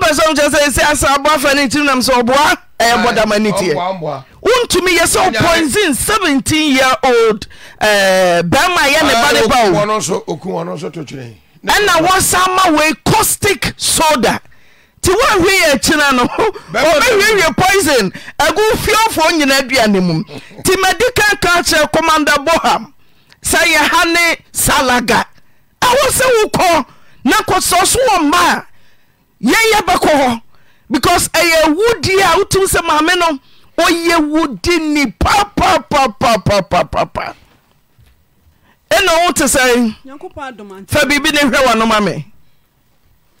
pɛsɛksɛɛs asaboa fanonmsɔaɛdman wontumi yɛ sɛpoison 17 yead bamayɛne baebaoɛna wɔsa ma wei coustic solda nti woahwɛ yɛ akyina no ɔbɛhɛiɛ poison agu fufoɔ nyina duane mu ti madikal calakerɛ commandaboham sɛ yɛ ha ne salaga awɔsɛ wokɔ na kɔsɔ so wɔ mma a yɛnyɛ bɛkɔ hɔ because ɛyɛ wudi a wotum sɛ maame no ɔyɛ wudi ni papapapapapapa ɛna wote sɛ fa biribi ne hwɛ wanoma me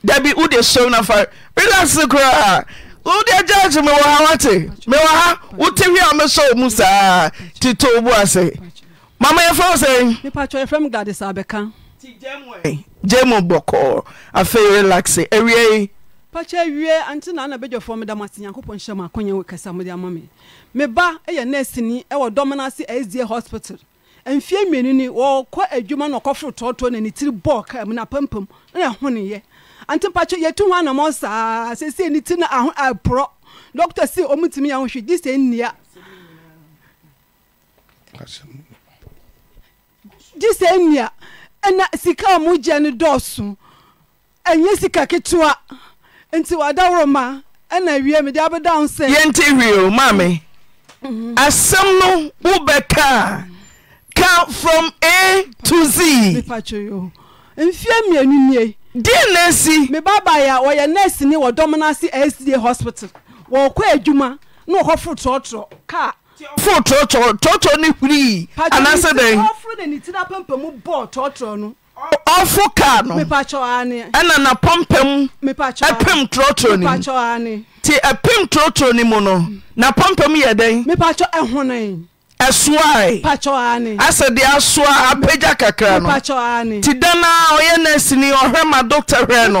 dabi wode hyɛm no fa relase koraa wode agyagye mewɔ ha wate mewɔ ha wote hwɛ a mesɛ mu saa tito wo bu ase mama yɛfrɛ wo sɛ gyemo bɔkɔɔ afei relaxe awie yi pakyɛ awie ante na ana bɛdwafoɔ meda m ase nyankopɔn nhyɛ m akɔnyɛ wo kasa mode ama me me ba hospital mfie mmienu ni wɔkɔ adwuma ọkọ ɔkɔforo tɔɔtɔɔ na ne tiri mu na apampam ɛna sika a mo gye no dɔɔso ɛnyɛ sika ketewa nti wadaworo ma ɛna awie mede abɛda wo sɛ yɛnte wie o maame mhm. asɛm no wobɛkaa ka from a to z mfie mmienu nie deɛ na me babaeɛ a wɔyɛ nurse ne wɔdɔm no ase asda hospital wɔkɔ adwuma na wɔkɔforo torɔtorɔ kaa fún tòótòó tòótòó ní hwiri anase dẹ. ọfun ni ni tina pẹmpẹ mu bọ tòótòó nu. ọfun kaa ani. ẹna na pọmpẹm ẹpẹm tòótòó ni ani. ti ẹpẹm tòótòó ni mu no na pọmpẹm yẹ dẹ. mipatso ẹhunẹ. ɛsoae asɛ deɛ asoa apagya kakra no nti da noa ɔyɛ nurseni ɔhwɛ ma dɔkta hwɛ no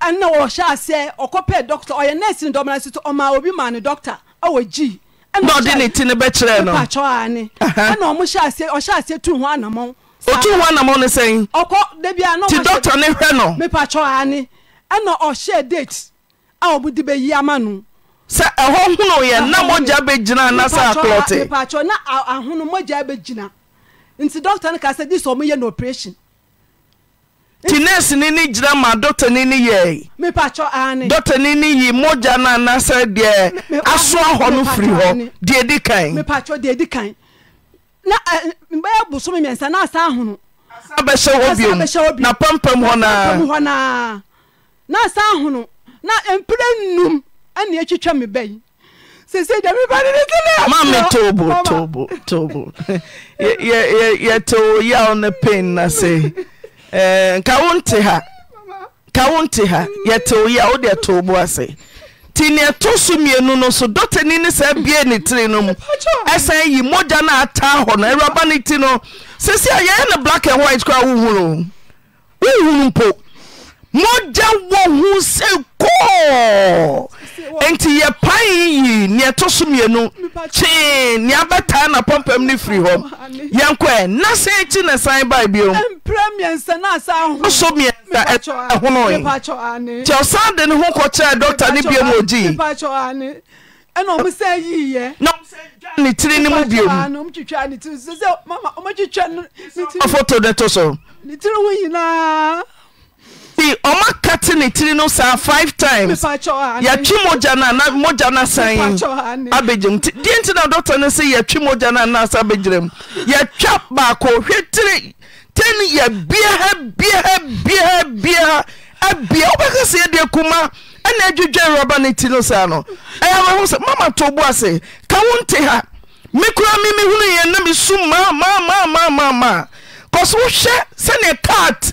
ɛna wɔhyɛ aseɛ ɔkɔpɛ dɔkta ɔyɛ nurseni dɔmana si so ɔma obi ma ne dɔkta ɛwɔ gyii na ɔde ne ti ne bɛkyerɛ no ɛna ɔmo hyɛ aseɛ ɔhyɛ aseɛ tu ho anamɔ otu ho anamɔ ne sɛn ɔkɔ debi ano ti dɔkta ne hwɛ no mepatwɔ ani ɛna ɔhyɛ date a ɔmo de bɛyi ama no sɛ ɛhɔ hono yɛ na mogya bɛgyina na sɛ aklɔte mepatwɔ na ahono mogya bɛgyina nti dɔkta no ka sɛ dis ɔmo yɛ no operation ti nɛse ne ne gyina ma dɔta ne ne yɛi dɔta ne ne yi mogya na anasɛ deɛ asoa hɔ no firi hɔ deɛ di kan bɛyɛ bɛhyɛ hɔ biona pampam hɔ noa na mpra num ɛne na me bɛi sɛsɛ gya meba ne mame tobo tobo tobo yɛteo yaw no pain na se. Eh, ka ha yɛtewo yia wode too ọbụla ase tinye so mmienu no so dɔtani ne saa bie ne tiri no mu ɛsan yi mogya no ataa hɔ no awuraba ti no a yɛyɛ black and white koraa wohunu wohunu mogya wɔ ho kɔɔ enti yɛ pae yi neɛ ɛto so mmienu kyee nea bɛtaa napɔmpam no firi hɔ yɛnkɔɛ na sɛn kyi ne sane bae biosomiɛsahonoe nti ɔsan de ne ho kɔkyerɛɛ dɔkta ne biom ɔgyii na ne tiri no mu biomfoto ne to so ọma ɔma ka te ne tiri no saa five times yɛatwe mogya nomogya no sane abɛgyam nti deɛ nti na dɔta no sɛ yɛatwe mogya no anasa abɛgyerɛm yɛatwa baako hwetire ten yɛ biaha biaha biaha biaha abia wobɛka sɛ yɛdeɛ kuma ɛna adwudwa rɔba no ti no saa no ɛyɛ maho sɛ mama to bo ase ka wo nte ha me koraa me mehunu yɛn na mesu maamamamamamaa kɔ so wohwɛ sɛneɛ kat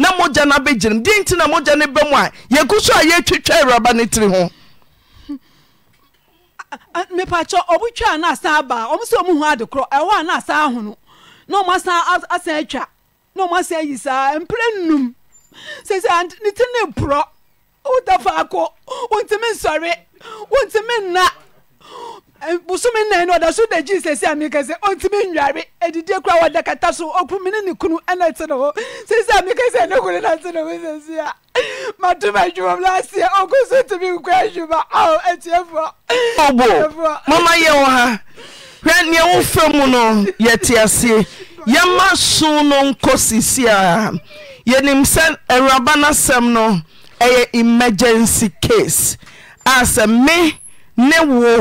nmogya no bɛgyirem enti na mogya ne bɛmu a yeku so ayɛtwatwa awuraba no tiri hopaɔbotwansa baɔm dhnsahonne as twans isaa mpɛnum ne tine o wafak ntmnsɔentmna Eh, bùsùnmi nàn ní ọ̀dà sùn dèjì sèse àmì kẹsẹ̀ ọ̀ntìmí nyàrí ẹ̀dìdí ekura wà dà kàtà so ọkùnrin mi ní kunu ẹ̀nà ẹ̀tẹ̀ nà wọ́ sèse àmì kẹsẹ̀ ẹ̀nà kunu ẹ̀nà ẹ̀tẹ̀ nà wọ́ sèse à mà tún bẹ̀ jùmọ̀ mi láti ẹ̀ ọkùnrin sùn tìmí nkú ẹ̀ jùmọ̀ ọ̀ ẹ̀tì ẹ̀ fọ́. ọ̀bọ̀ mama yẹ wọ ha hwẹ ni ẹ wọ́n fẹ́ mu no yẹ ti ase yẹ má sun no nkọ sisi a yẹ nim sẹ ẹwuraba n'asẹm no ẹ yẹ emergency case a sẹ mi ne wo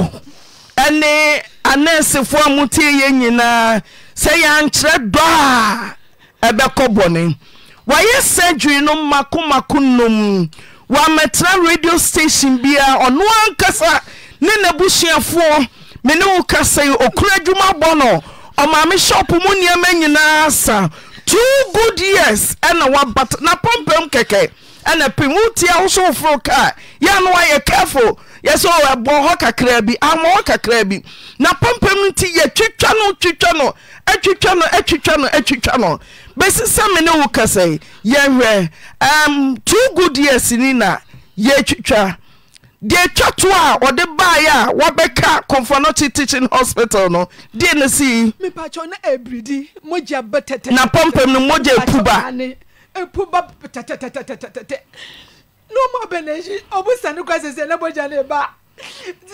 ne anɛɛsefoɔ a motie nyinaa sɛ yɛankyerɛ dɔ a ɛbɛkɔ bɔne wayɛ surgery no makomako nom wɔamɛtena radio station biaa ɔno ankasa ne n'abusuafoɔ me ne wo kasa yi ɔkura adwuma bɔ no ɔmaame shop mu nneɛma nyinaa sa two good years ɛna wabata na pɔmpɛm kɛkɛ ɛna pim wotia wo so woforo kaa yɛ no wayɛ careful yɛ sɛ oh, ɛbɔ hɔ kakraa bi ama hɔ kakraa bi na pɔmpɛm no nti yɛtwitwa no twitwa no atwitwa e no atwitwa e no atwitwa e no bɛsi sɛ me ne wo kasɛe yɛhwɛ two good years ni na yɛtwitwa deɛ twa to a ɔde baeɛ a wɔbɛka comfonoty teaching hospital no deɛ no sii na pɔmpɛm no mogya apu ba n'ụmụ ọbẹnẹji ọbụsani kwa sese ẹlẹbọjà lè ba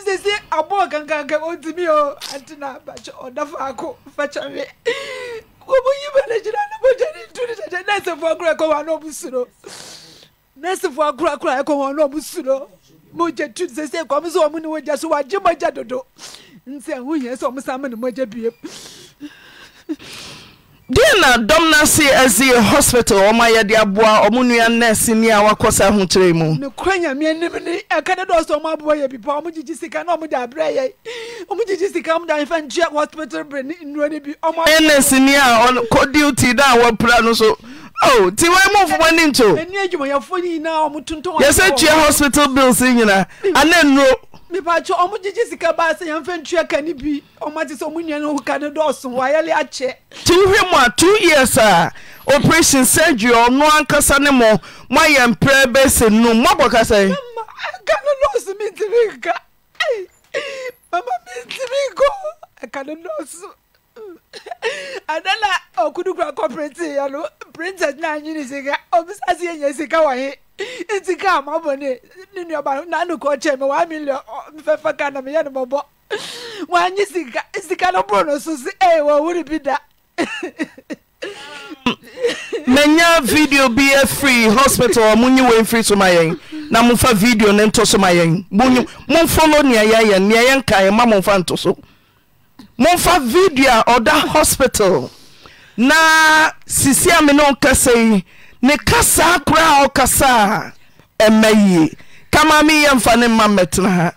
sese abọ kankankan otumi o àti na abatsọ ọdafọ akọ fẹtsọwe ọmọ yìí na ẹlẹbọjà na tu ni tẹtẹ na fún akura ẹkọ wọn náà tu sese kọ mi sọ ọmọ ni so dodo nse ẹhún yẹn sọ ọmọ deɛ na dɔm no ase ɛsi hospital ɔma yɛde aboa ɔmo nua nɛɛse ni a wakɔ sa ahokyerɛ mu nokora nyame anim ne ɛka ne dɔɔ sɛ ɔmo aboa yɛ bipa ɔmo gyegye sika na ɔmo de aberɛ yɛ ɔmo gyegye sika ɔmo de amfa ntua hospital berɛ ne nnuro no bi ɔmo nɛɛse ni a ɔkɔ duty da a wɔpra no so o oh, ti wɔn mu fuma ne nkyɛw ɛni adwumayɛfoɔ nyinaa ɔmo tontɔn yɛsɛ tua hospital bills nyinaa ana nnuro mipatwa ɔmo gyegye sika baa sɛ yɛmfa ntua ka ne bi ɔmo ate sɛ ɔmo nua no ho ka ne dɔɔso wayɛle akyɛ nti wohwɛ mu a two years a operation surgery ɔno ankasa ne mo moayɛ mprɛ bɛsɛ no moabɔ ka sɛ ka no dɔɔso mentimi nka mama mentimi nkɔ ka no dɔɔso adala ɔkudu kura kɔ printin yɛ no printin na anyini sika ɔbisa se yɛnya sika wɔ he nti kaa ma bɔ ne ne nuaba nanu kɔ kyɛn mi waa mi lɛ fɛfɛ kaa na mi yɛ ne bɔ bɔ sika sika no buro no so si ɛyɛ eh, wɔ bi da. menya video bi afiri e hospital monyi wei mfiri so ma yɛn na momfa video ne nto so ma yɛn momfolo nea yɛayɛ nea yɛnkaeɛ ma momfa nto so momfa video a ɔda hospital na sisi a me ne ɔkasa yi ne kasaa koraa ɔkasaa ɛma yie kama meyɛ mfa ne mma mmɛtena ha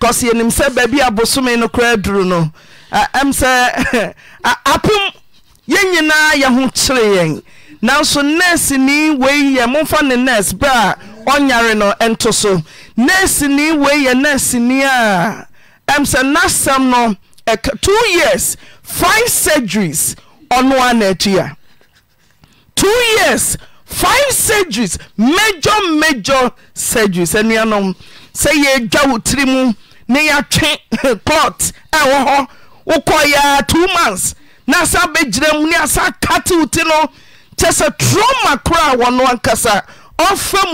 cause yɛnim sɛ baabi abosome no koraa duru no ɛm sɛ apom yɛn nyinaa yɛ ho kyere yɛn nanso nurse ni wei yɛ momfa ne nurse bɛ a ɔnyare no ɛnto so nurse ni wei yɛ nurse ni a ɛm sɛ n'asɛm no ɛka two years five surgeries ɔno a na atua two years five surgeries major major surgeries anuanom sɛ yɛadwa wo tiri mu ne yɛatwe clot ɛwɔ hɔ wokɔ yɛa two months na asa bɛgyina mu ne asa kate wo ti no kyɛ sɛ troma ankasa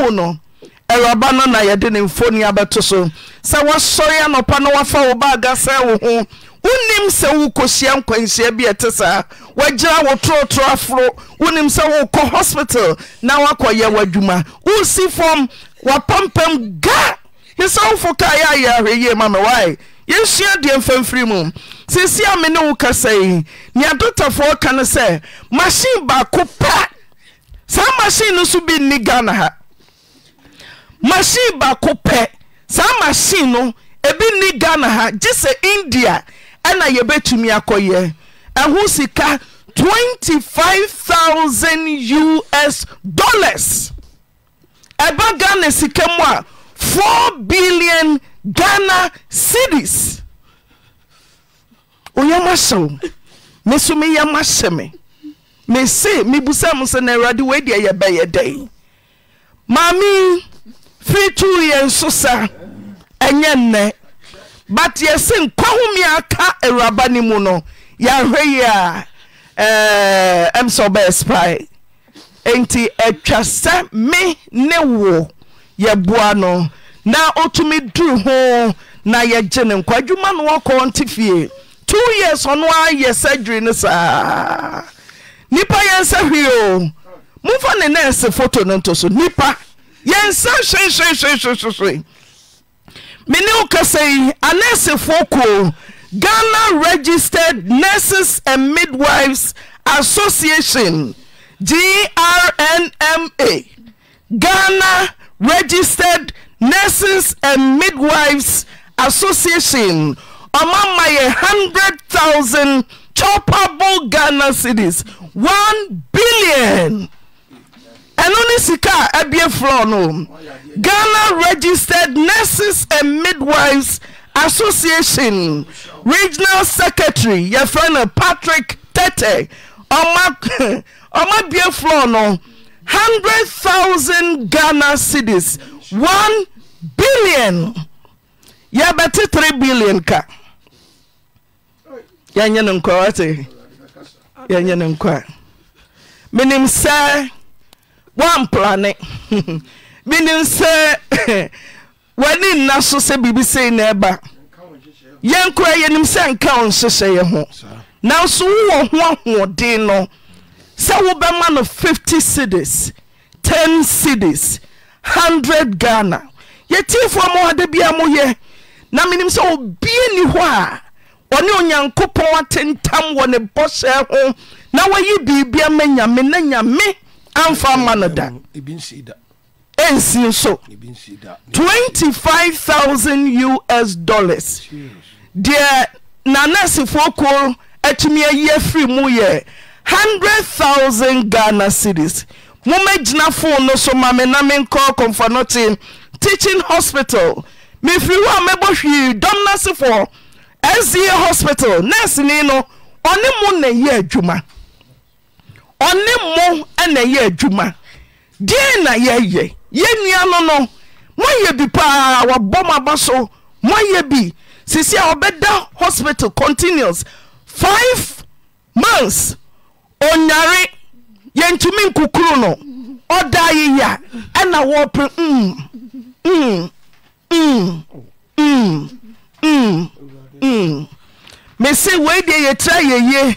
mu na yɛde ne mfoni so na woafa wo baaga sɛ wo ho wonim sɛ wokɔsia nkwanhyia biate saa wyerɛ wo torɔtrɔ aforɔ oni sɛ wokɔ hospital na wakɔyɛwadwuma wosifɔ wpɔpam msɛofoaɛmfmsmeeoefoɔ ka sɛmace ac aako ɛ saa mace no bi n gn ha gye sɛ india ɛna yɛbɛtumi akɔ yɛ ɛho sika 25,000 us ɔlars ɛba gha na sika mu a 4 billion ghana cedies oyɛ mahyɛwo me some yɛ mahyɛ me mese mebusam sɛna awurade wɔdeɛ yɛbɛyɛ dɛɛ maame fri too yɛ nso sa ɛnyɛ nnɛ but yɛse nkwahomi aka awuraba no mu no yɛahwɛ yi a ɛm eh, sɛ ɔbɛyɛ spy enti atwa sɛ me ne wo yɛboa no na ɔtumi duru ho na yɛgye ne nkwa adwuma no wɔkɔɔ nte fie two years ɔno a yɛ surgery no saa nipa yɛnsa hwee o momfa ne nɛɛse foto no nto so nipa yɛnsa hwehwehwehwehwehwe meni w kɛsɛyi anesefo kuo ghana registered nurses and midwifes association grnma ghana registered nurses and midwifes association ɔmama yɛ 100,000 thopable ghana cities 1 billion ɛno ne sika a Florno, ghana registered nurses and midwives association regional secretary Your Friend patrick tɛtɛ ɔma bie frɔ no 100,000 ghana cities 1 billion yɛbɛte 3 billion ka yɛnyɛ no nkwa wate yɛnyɛ no nkwa menim sɛ woampane menim sɛ wani nna so sɛ biribi sei na ɛba yɛnkora yɛnim sɛ nka wo nhyehyɛeɛ ho nanso wowɔ ho ahoɔde no sɛ wobɛma no 50 cidies 10 cidies 100 ghana yɛtifoɔ maada bia moyɛ na menim sɛ ɔbie nni hɔ a ɔne onyankopɔn atentam wɔ ne bɔ hyɛ ho na wɔayɛ biribia ma nyame na nyame amfa ma no da ɛnsi so 25000 us dollars deɛ nanasifoɔ ko atumi ayi afiri mu yɛ 100000 ghana cities mommagyina fo no so ma me na menkɔ kɔmfɔnote teaching hospital mefiri hɔ a mɛbɔ hwii dɔm nasefoɔ sie hospital narseni no ɔne mu na yi adwuma ɔne mo na ɛyɛ adwuma deɛ na yɛyɛ yɛn nua no no moayɛ bi paa wɔbɔ m aba so moayɛ bi sisi a ɔbɛda hospital continuous five months onyare yɛntumi nkukuru no ɔda yiya ɛna wɔpere mm mm mm mm mm mm mesi wei deɛ yɛtira yɛyie.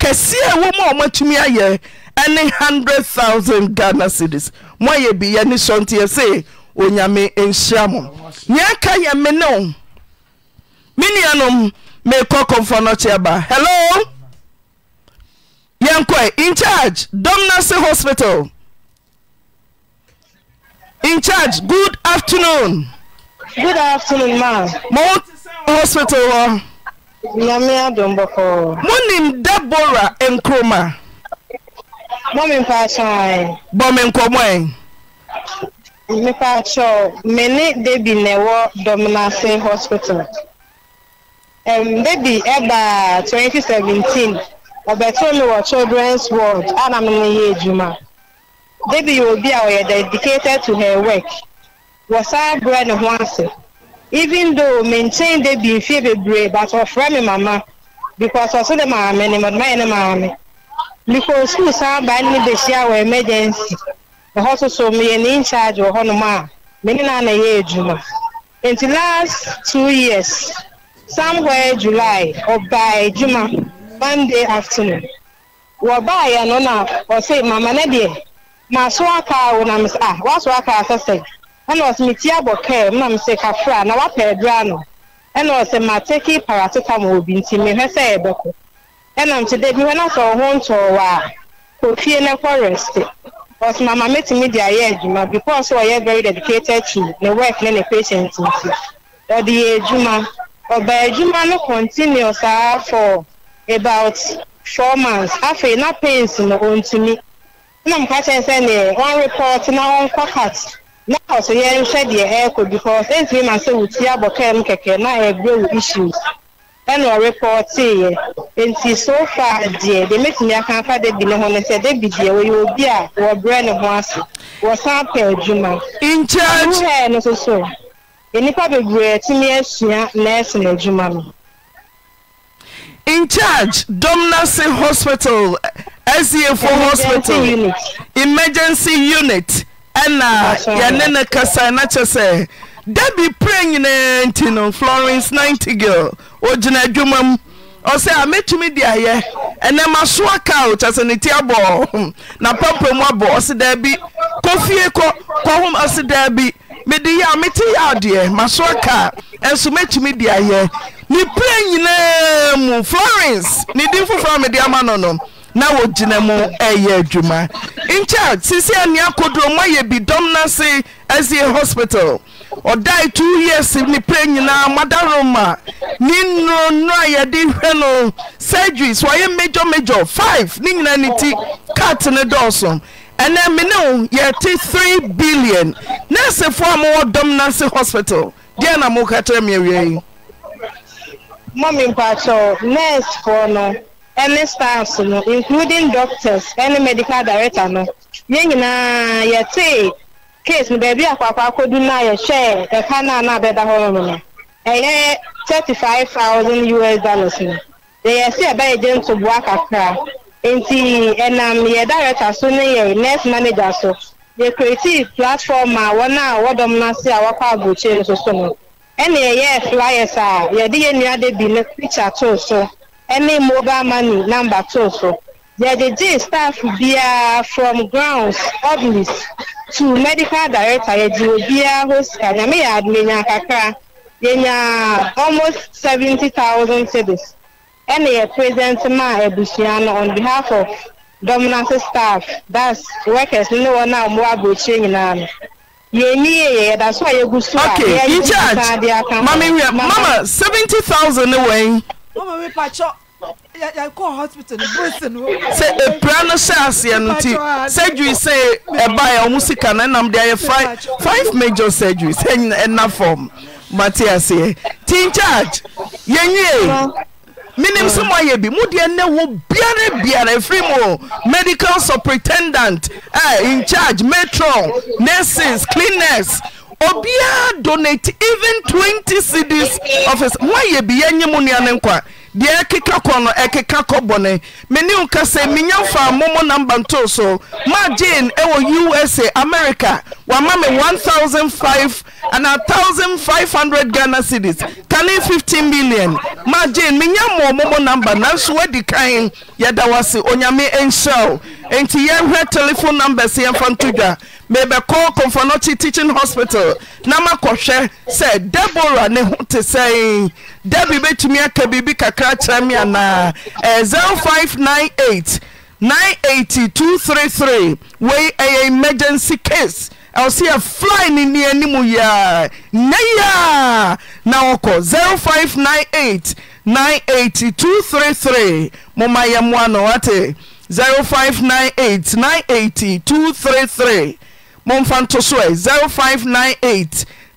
kɛseɛ woma ɔmatumi ayɛ ane 100 000 gardenar cities mo ayɛ biyɛ ne sɔnteɛ se ɔnyame nhyiamo nnea ka yɛ mene mennianom merkɔ kɔmfa nokyeɛbaa helo yɛnkɔ incharge domnasy hospital incharge good afternoon ostal h Nyame adombɔkɔ. Munim Deborah Nkrumah. Bọ́mi mpatsọ ẹ̀. Bọ́mi nkɔmọ ẹ̀. Mipatsọ, mi ni Debi na ɛwɔ Dominase hospital. Um, Debi ɛba twenty seventeen, ɔbɛtɔ mi wɔ children's ward a na mi yɛ edwuma. Debi yɛ obi a ɔyɛ dedicated to her work. Wɔsan brɛ ne ho ase even though maintain de bi fie bebree but ɔfrɛ me mama because ɔso de maame ne mɔdoma yɛ ne maame mekɔ sukuu san baa ne bɛhyia wɔ emergency ɛhɔ so so meyɛ ne in charge wɔ hɔnom a me ne na ɛyɛ adwuma nti last two years somewhere july ɔbaa adwuma monday afternoon wɔbaa yɛ no na ɔse mama ne deɛ maso aka awo na mesa ah waso aka asɛsɛ. ɛna ɔsɛ me ti abɔ kaa mu na me sɛ kafra na wapɛ aduru ano ɛna ɔsɛ ma teki paracetamol bi nti mehwɛ sɛ yɛbɛkɔ ɛna nti de bi hɔ na sɛ ɔho ntɔɔ wɔ a kofie ne kɔ rɛste ɔsɛ mama metumi de ayɛ adwuma because ɔyɛ very dedicated to ne work ne ne patient nti ɔde yɛ adwuma ɔba adwuma no continue saa for about four months afei na pains no ɔntumi ɛna mo ka kyerɛ sɛ neɛ wɔn report na wɔn kɔ cut. nọọsụ ya nhwɛ deɛ ɛrekɔ because ntumi ma sɛ wotie abɔ kaa mu kɛkɛ na ɛrebrɛ wo issues ɛna ɔrepɔɔtee yɛ nti so far deɛ deɛ mɛtumi aka afa debi ne ho no sɛ debi deɛ wɔyɛ obi a wɔbrɛ ne ho ase wɔsan pɛ adwuma nkyɛn hɛɛ no soso nnipa bebree atumi asua nɛɛsin adwuma no in charge domnasi hospital safo e hospital emergency unit ɛna yɛne ne kasa na kyɛ sɛ da bi prɛ nyinaa nti no florence nintigirl ɔgyina adwuma mu ɔsɛ a mɛtumi de ayɛ ɛnɛ masoa kao kyɛ sɛ ne ti abɔ na papamu abɔ ɔse daa bi kɔfie kɔ kɔhom ɔse daa bi mede yɛ a mete yɛ adeɛ masoa kaa ɛnso mɛtumi de ayɛ ne prɛ nyinaa mu florence ne din foforɔ a mede ama no no na wogyina mu ɛyɛ adwuma nkyɛ sisi anea kodoɔ mu ayɛ bi dɔm nase ɛsie hospital ɔdae two years ne pere nyinaa madaroma ne nnuro a yɛde hwɛ no surgeries wɔyɛ major major five ne nyinaa ne ti cat ne dɔɔso ɛnɛ mene wo yɛte three billion nɛɛsefoɔ a mowɔ dɔm nase hospital deɛ na moka kyerɛ me awiei mɔmi mpakyɛw nɛɛsefoɔ no ne staffs no including doctors ne medical director no yɛn nyinaa yɛtee case no baabi akwakwa akɔdu no a yɛhwɛ ɛka no a na abɛda hɔ no no ɛyɛ thirty five thousand us dollars no yɛyɛ sɛ ɛbɛyɛ gye ntoboa kakra nti ɛnam yɛ director so ne yɛ nurse manager so yɛkreti platform a wɔn a wɔdɔm no ase a wɔkɔ abrokyire no so so no ɛna yɛyɛ flyers a yɛde yɛn nua de bi ne picture too so. Any mobile money number two so yɛde gye staff biara from grounds oblis to medical director yɛde obiara ho sika nyame yɛ adumenya kakra yɛnya almost seventy thousand cedis ɛna yɛ present ma abusua no on behalf of dominant staff that's workers ne wɔn a wɔn aburokyire nyinaa no okay in charge mama mama seventy thousand ne wɔ yi mama mi patsɔ yɛkɔ hospital bose no sɛ ɛpira no hyɛ aseɛ no nti surgery sɛ ɛbaeɛ ɔmo sika no ɛnam de ayɛ five five major surgery sɛ ɛna fam mate aseɛ ti in charge yɛnwie menim sɛ mo ayɛ bi mo deɛ nnɛ wɔ biara biara ɛfiri mu medical superintendent eh, in charge Metro nurses cleaners obiara donate even 20 cities office ho ayɛ biɛ nnye mu nnea ne nkw a deɛ ɛkeka kɔ no ɛkeka kɔ bɔne meni w ka sɛ menyamfaa momɔ namba ntooso ma gen ɛwɔ usa amerika wama me 15 an500 guanacidis kane 15 million magen menya mmoɔ mmomɔ nambe nanso woadi kan yɛdawa se onyame nhyerɛw enti yɛhwɛ telefone number s yɛfa ntodwa mebɛkɔ kɔmfanɔte tichin hospital na makɔhwɛ sɛ debora ne ho te sɛi da bii mɛtumi aka biribi kakra kyerɛme anaa 0598 98233 wei ɛyɛ emergensy case ɛwɔseyɛ fly ne nneanimu yɛa nnɛ yia na wɔkɔ 0598 98 233 mommayɛ moano ate 0598 98 233 momfa nto so 0598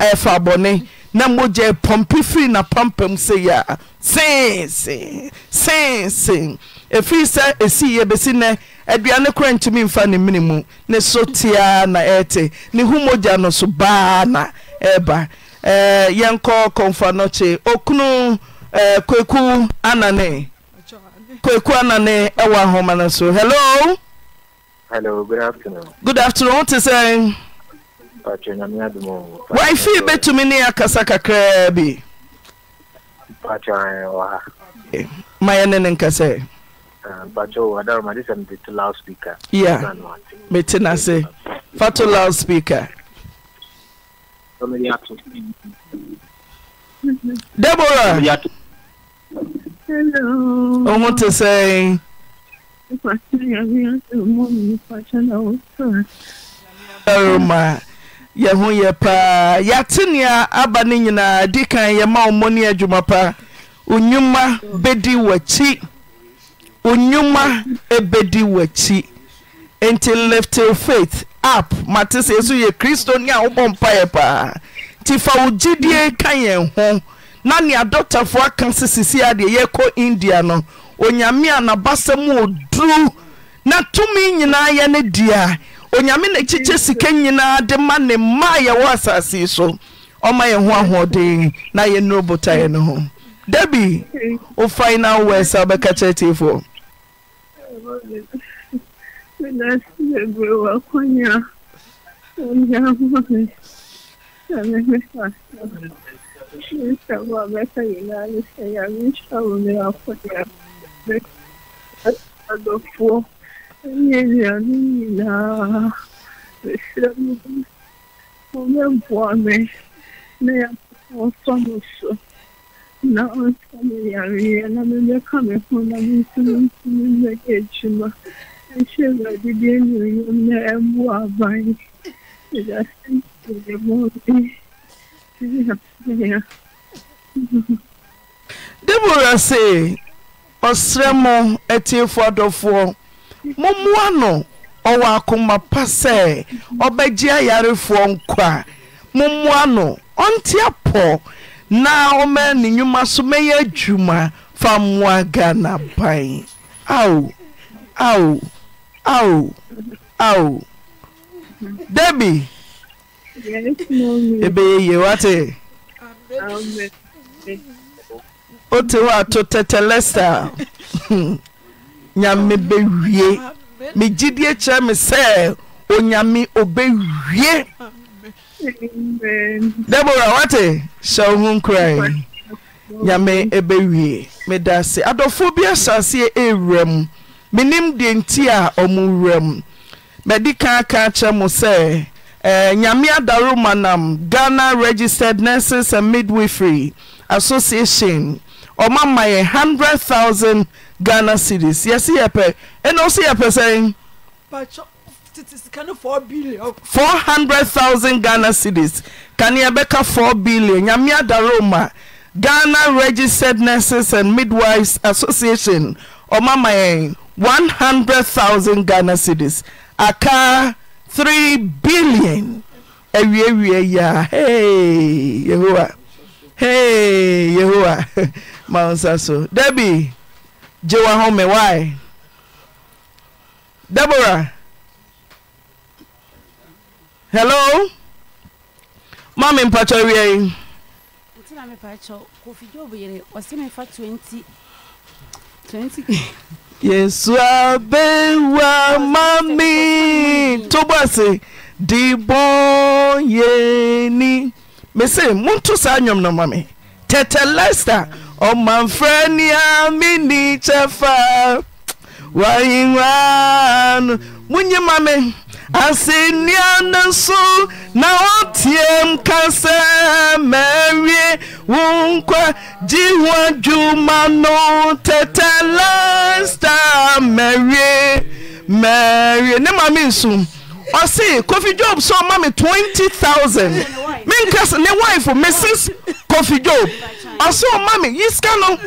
ɛfa bɔne na mogya pɔmpe firi na pampam sɛ yia sese sese ɛfiri sɛ ɛsii bɛsi nɛ aduane kora ntumi mfa ne mmene mu ne so na ɛte ne hu mogya no so baa na ɛba yɛnkɔ kɔmfa nɔkye okunu kweku anane Kweku anane ɛwɔ ahoma no so hello good afternoon wote waifee bɛtumi ne yɛ kasa kakraa bi eh, ma yɛ ne ne nka ah, sɛ ya mete na ase fa to loud speaker daboraoho te sɛndaoma yɛ ho yɛ paa yɛatenea aba ne nyinaa di kan yɛma wo mmɔne adwuma pa onwuma bɛdi w'akyi onwuma bɛdi w'akyi nti liftil faith app mate sɛ so yɛ kristoni a wobɔ mpaeɛ paa nti fa wo gyidie ka yɛn ho na nea dɔtafoɔ aka sɛ sisi adeɛ yɛkɔ india no onyame a nabasa mu na tumi nyinaa yɛ ne dea onyame no kyikye sika nyinaa de ma ne mmaa yɛwɔ asase so ɔma yɛn ho ahoɔden na yɛnnuro botaeɛ no ho da bi final word sɛ kyerɛ جميلة بشرب ومن فمي لا يتوصل na nsọmi yàrá na mímẹ kàmí fún na mí túnú túnú mẹkẹ jùmọ ẹ ṣe ìwádìí bí ẹnu yóò mẹ ẹ mú àbáyé ìdásí ìdè mọ bí Deborah sị, ọsịrị m etifu adọfọ. mommoa no ɔwɔ akoma pa sɛ ɔbɛgye ayarefoɔ nkɔ a mommoa no ɔnte apɔ na ɔma ne nnwuma so mɛyɛ adwuma fa mmoa ghana ban ao ao ao ao dabi ɛbɛyɛ ye wate wote hɔ ato nyame bɛwie megyedie kyerɛ me sɛ onyame obɛwie dabora wote hyɛwo ho nkorae nyame bwie meda se adɔfoɔ bi asaseɛ wurɛ m menim deɛnti a ɔmowerɛm madi kaakaa kyerɛ mo sɛ eh, nyame adaromanam ghana registered nurses a midwafre association ɔmama yɛn 100,000 ghana cities yɛse yɛ pɛ ɛno nso yɛ pɛ sɛn400 ,000 ghana cities kane yɛbɛka 4 bilion nyanme adaro ma ghana registered nerses and midwife association ɔma ma yɛn 100,000 ghana cities aka 3 bilion awiwie yea e yehowa yhoa mansa so dabi gye wa home y dabora helo ma mimpatɔ wiyɛsuaba mami tobɔase dibɔ yeni mese monto saa nyɔmnɔma me tɛtɛ liste ɔmanfrɛ nea meni kyɛfa wayiwaa no monyima me asɛnnua no so na ɔteɛm ka sɛ mawie wo nkwa gye ho adwuma no tɛtɛ lasta mawie mawie ne ma me nsum ɔse kofi job sɛɔmame 20000 menka s ne wifo mrs cofi job ɔsɛɔmame yisika no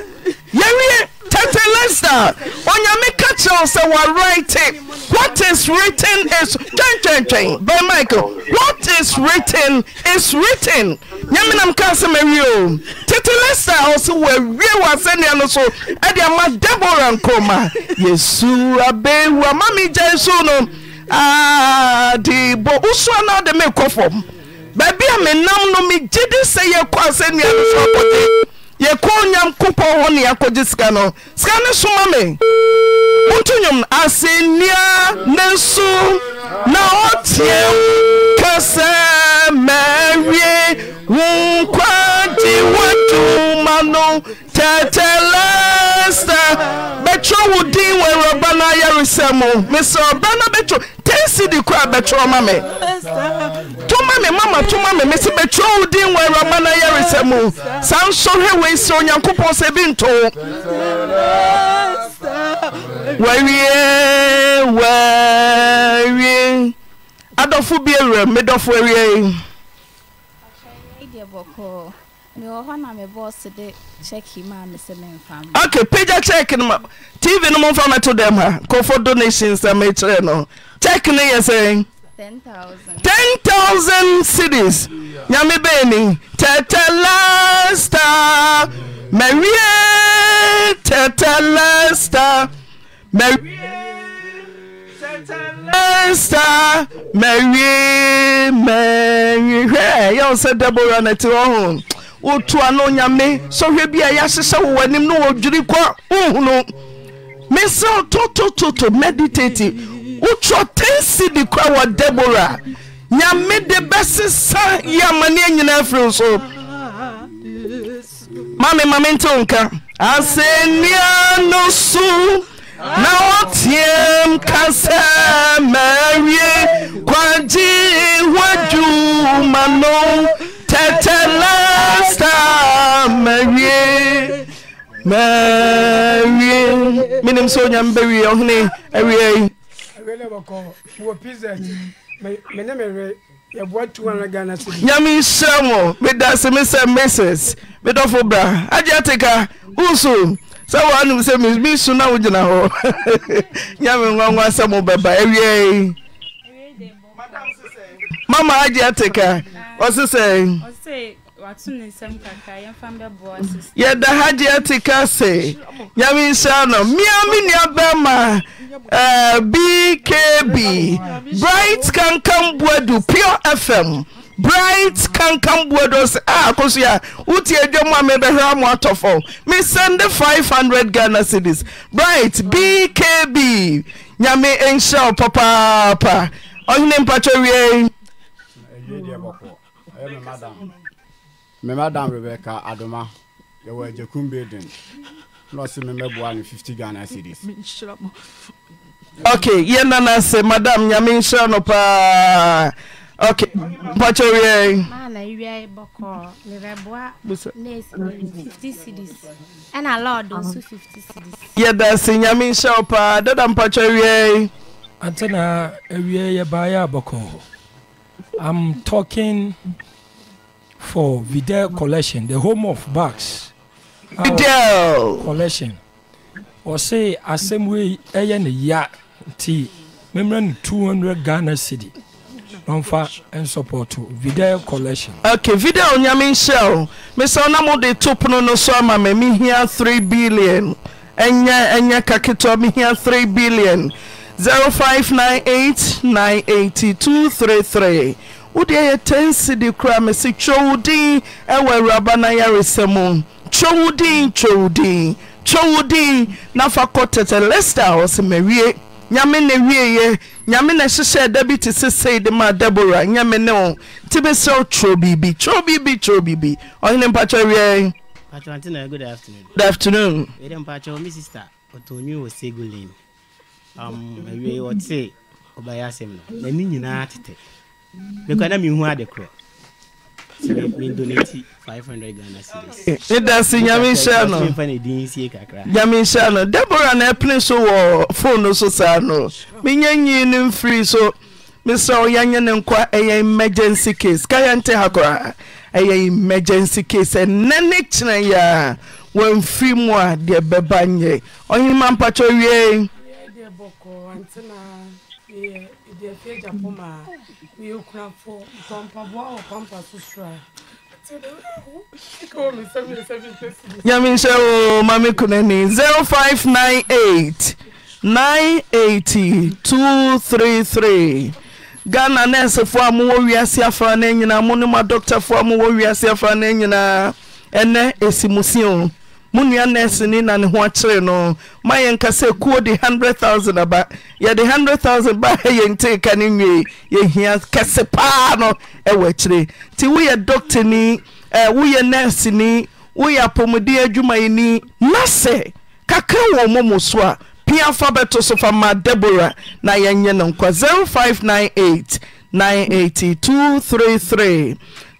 y tlisnyame ka kyerɛw sɛwwiw nɛɛn b miael wat is i is wi yamenam ka sɛmwio tete lista ɔse wawie wɔ asɛnneɛ no so ɛde ama darbora nkrɔma yɛsura bewu amamegyae so no ade bɔ wosuana de mekɔ fɔm baabi a menam no megye de sɛ yɛkɔ asɛ nnua no so akɔgye yɛkɔ nyam kopɔn hɔ neɛakɔgye sika no sika ne soma me wontowomno asɛnnua na nsu na ɔteɛm kɛ sɛ maawe nkwagye watu n'o tɛtɛ lɛsɛ wo din wɔ awuraba no ayaresɛ mu mesɛ ɔbɛ no bɛtwerɛ ten cd koraa bɛtwerɛ ọma me mama toma me mese bɛtwerɛ wo din wɔ awuraba no ayaresɛ mu saa bi bi k paga check nom tv nomo mfa mɛto dɛm ha kɔɔfɔ donation sɛ mɛkyerɛɛ no chek no yɛ sɛn 10000 cities nyame bɛni tɛtalasta mawiɛ tɛtalasta s mwɛ yɛwo sɛ debora noti ɔh woto ano nyame sɔhwɛ bi a yɛahyesyɛ wow' anim no wɔdwiri ka wohunu mesɛwototototo meditative wotɛ tansi di kora wɔ debora nyamede bɛsesa yɛ amanenyina afiri so mamemame nteo nka asɛn n nkasa kasa marie kwaji iwaju manu tete lasta marie marie menim sɛ onyam bɛwie ɔhene awiei nyame nhyira mɔ meda se mesɛ mrs medɔfo bra agye ateka woso sɛ waa nom sɛ mesu na wogyina hɔ nyamenana asɛmo bɛba awiei mama agea teka ɔ se sɛ yɛda hagye a teka sɛ nyamensa no mea mennua bɛma bkb eh, bright kankam boadu puo fm bright kankam boado sɛ akoso yɛ woti adwamu a mebɛhwerɛ mo atɔf mesɛnde 5000 ghuana cidies bright b kb nyame nhyirɛw papaapa ɔwene mpawɛ wieiaa rebeka aa50 gaacdis ok yɛ nano sɛ madam nyame nhyirɛw no paa ok mpɔkyɛ wieyɛdase nyame nhyɛ wo paa dada mpɔkyɛ wiei ante na awie yɛbaayɛ abɔkɔ i'm talking for videl collection the home of bags videl collection ɔse asɛm wei ɛyɛ ne ya nti memmerɛ no 200 ghana city nɔmfa nsɔpɔto video collection. Okay, video nyame nhyɛ o mesɛ na mo de to pono no so ama mi mehia three billion ɛnyɛ ɛnyɛ kaketewa mehia three billion Zero five nine 0598982333 wode ɛyɛ 10 cd koraa mese twɛwo din ɛwɔ awuraba no yaresɛ mu twɛwo din twɛwo din twɛwo din na fa kɔ tɛtɛ lester ɔsɛ mawie nyame na wieɛ nyame na hyehyɛ da bi te sesei de ma debora nyame ne wo nti bɛsɛ kyerɛ biribi kyerɛ biribi kyerɛ biribi ɔhene mpakyɛ wiɛ Good afternoon. Good afternoon. Mpacho, my sister, Otonu was Um, we would say, Obayasem, the Ninina Tite. Because I'm in who are ɛda se nyame nhyɛ no nyame nhyɛ no debora na ɛpene so wɔ fone so saa no menya nyii no mfiri so mesrɛ wo yɛanyɛ ne nkwa ɛyɛ eh, emergency case ka yɛnte ha koraa ɛyɛ eh, emergency case ɛnɛ ne kyerɛ yɛ a wɔamfiri mu a deɛ bɛba nyɛ ɔhema mpakyɛ wiei yɛkurafo mpampaboa wɔ pampa so sora nyame nhyɛ o ma me kuna ni 0598 980233 ghana nɛɛsefoɔ a mowɔ wiase afra no nyinaa mo ne ma dɔktafoɔ a mowɔ wiase afra no nyinaa ɛnɛ ɛsi o monnua nurseni na ne ho akyere no ma yɛnka sɛ kuo de 100,000 aba yɛde 100,000 ba yɛnte ka ne nwee yɛhia kɛse paa no wɔ akyirɛ nti woyɛ dtoni woyɛ nerseni woyɛ apɔmude adwumayini na sɛ kaka wɔ momu so a pia fa bɛto so fa maa darbora na yɛanye no nkwa 0598 980233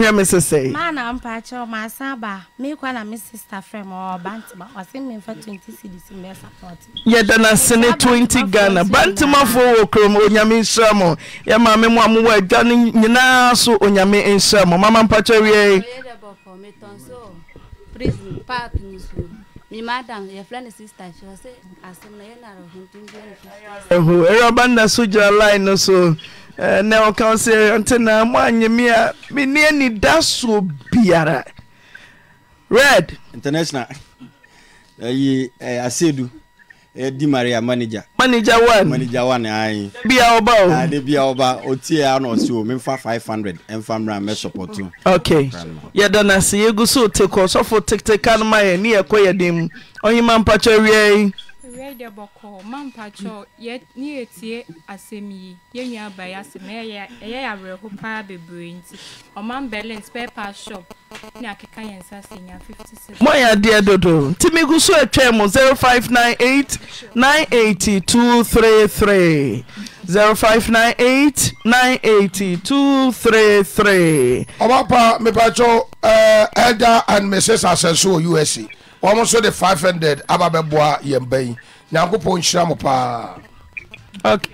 yɛ me sesɛi mana mpakyɛ maasa ba mekwa na me sister frɛ ma ɔwɔ bantema ɔse memfa 20 cedis mɛ support yɛda no sene twenty ghana bantemafoɔ wɔ kurom onyame nhyira mɔ yɛma me mo a mowɔ adwa no nyinaa so onyame nhyira mɔ mama mpakyɛ wiei prison park nso mi madam yɛ filɛ ni sista kyerɛ ɔsɛ asɛm na yɛ na ɛhɔ ɛrɛ ɔba nna so gyina line no so na ɔka sɛ nti na mo anyeme a menni anida soɔ biara red international ayi eh, asedu eh, di maria manager manager one manager one ayi bia ɔba o ade ah, bia ɔba oti a na ɔsi o mefa five hundred ɛnfa mmerɛ a mɛ support o okay yɛda na se yegu so tekɔ sɔfo tekte kan ma yɛ ni yɛ kɔ yɛ dim ɔhima mpakyɛ wia yi. awia de bɔkɔ mampakyɛ yɛ ne yɛtie asɛm yi yɛnua aba yɛ asɛm ɛyɛ yɛ awerɛho paa bebree nti ɔman berlin spare shop ne akeka yɛn nsa sɛ nya fifty six. mo yɛ adeɛ dodo ntumi gu so atwa mu zero five nine eight nine eighty two three three zero five nine eight nine eighty two three three. ọba pa mipatsɔ ɛɛ eh, ɛda and mrs asɛnso wɔ usa wɔn nso de five hundred aba bɛboa yɛn bɛyi nyankopɔn nhyira paa. okay.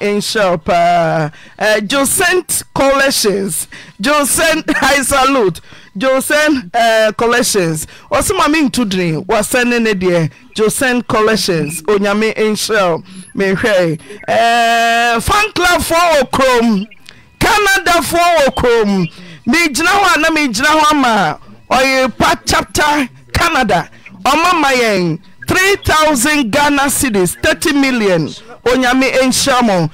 nshel paa eh, josent collections josnt hig salut josent eh, collections ɔso ma mentudne wɔasɛnne ne deɛ josent collections onyame nsyel mehwɛ eh, fanklafoɔ wɔ krom canadafoɔ wɔ krom megyina hɔ ana megyina hɔ amaa ɔyepa chapta canada ɔmama yɛn 300 ghana cities 30 million ymnhyammea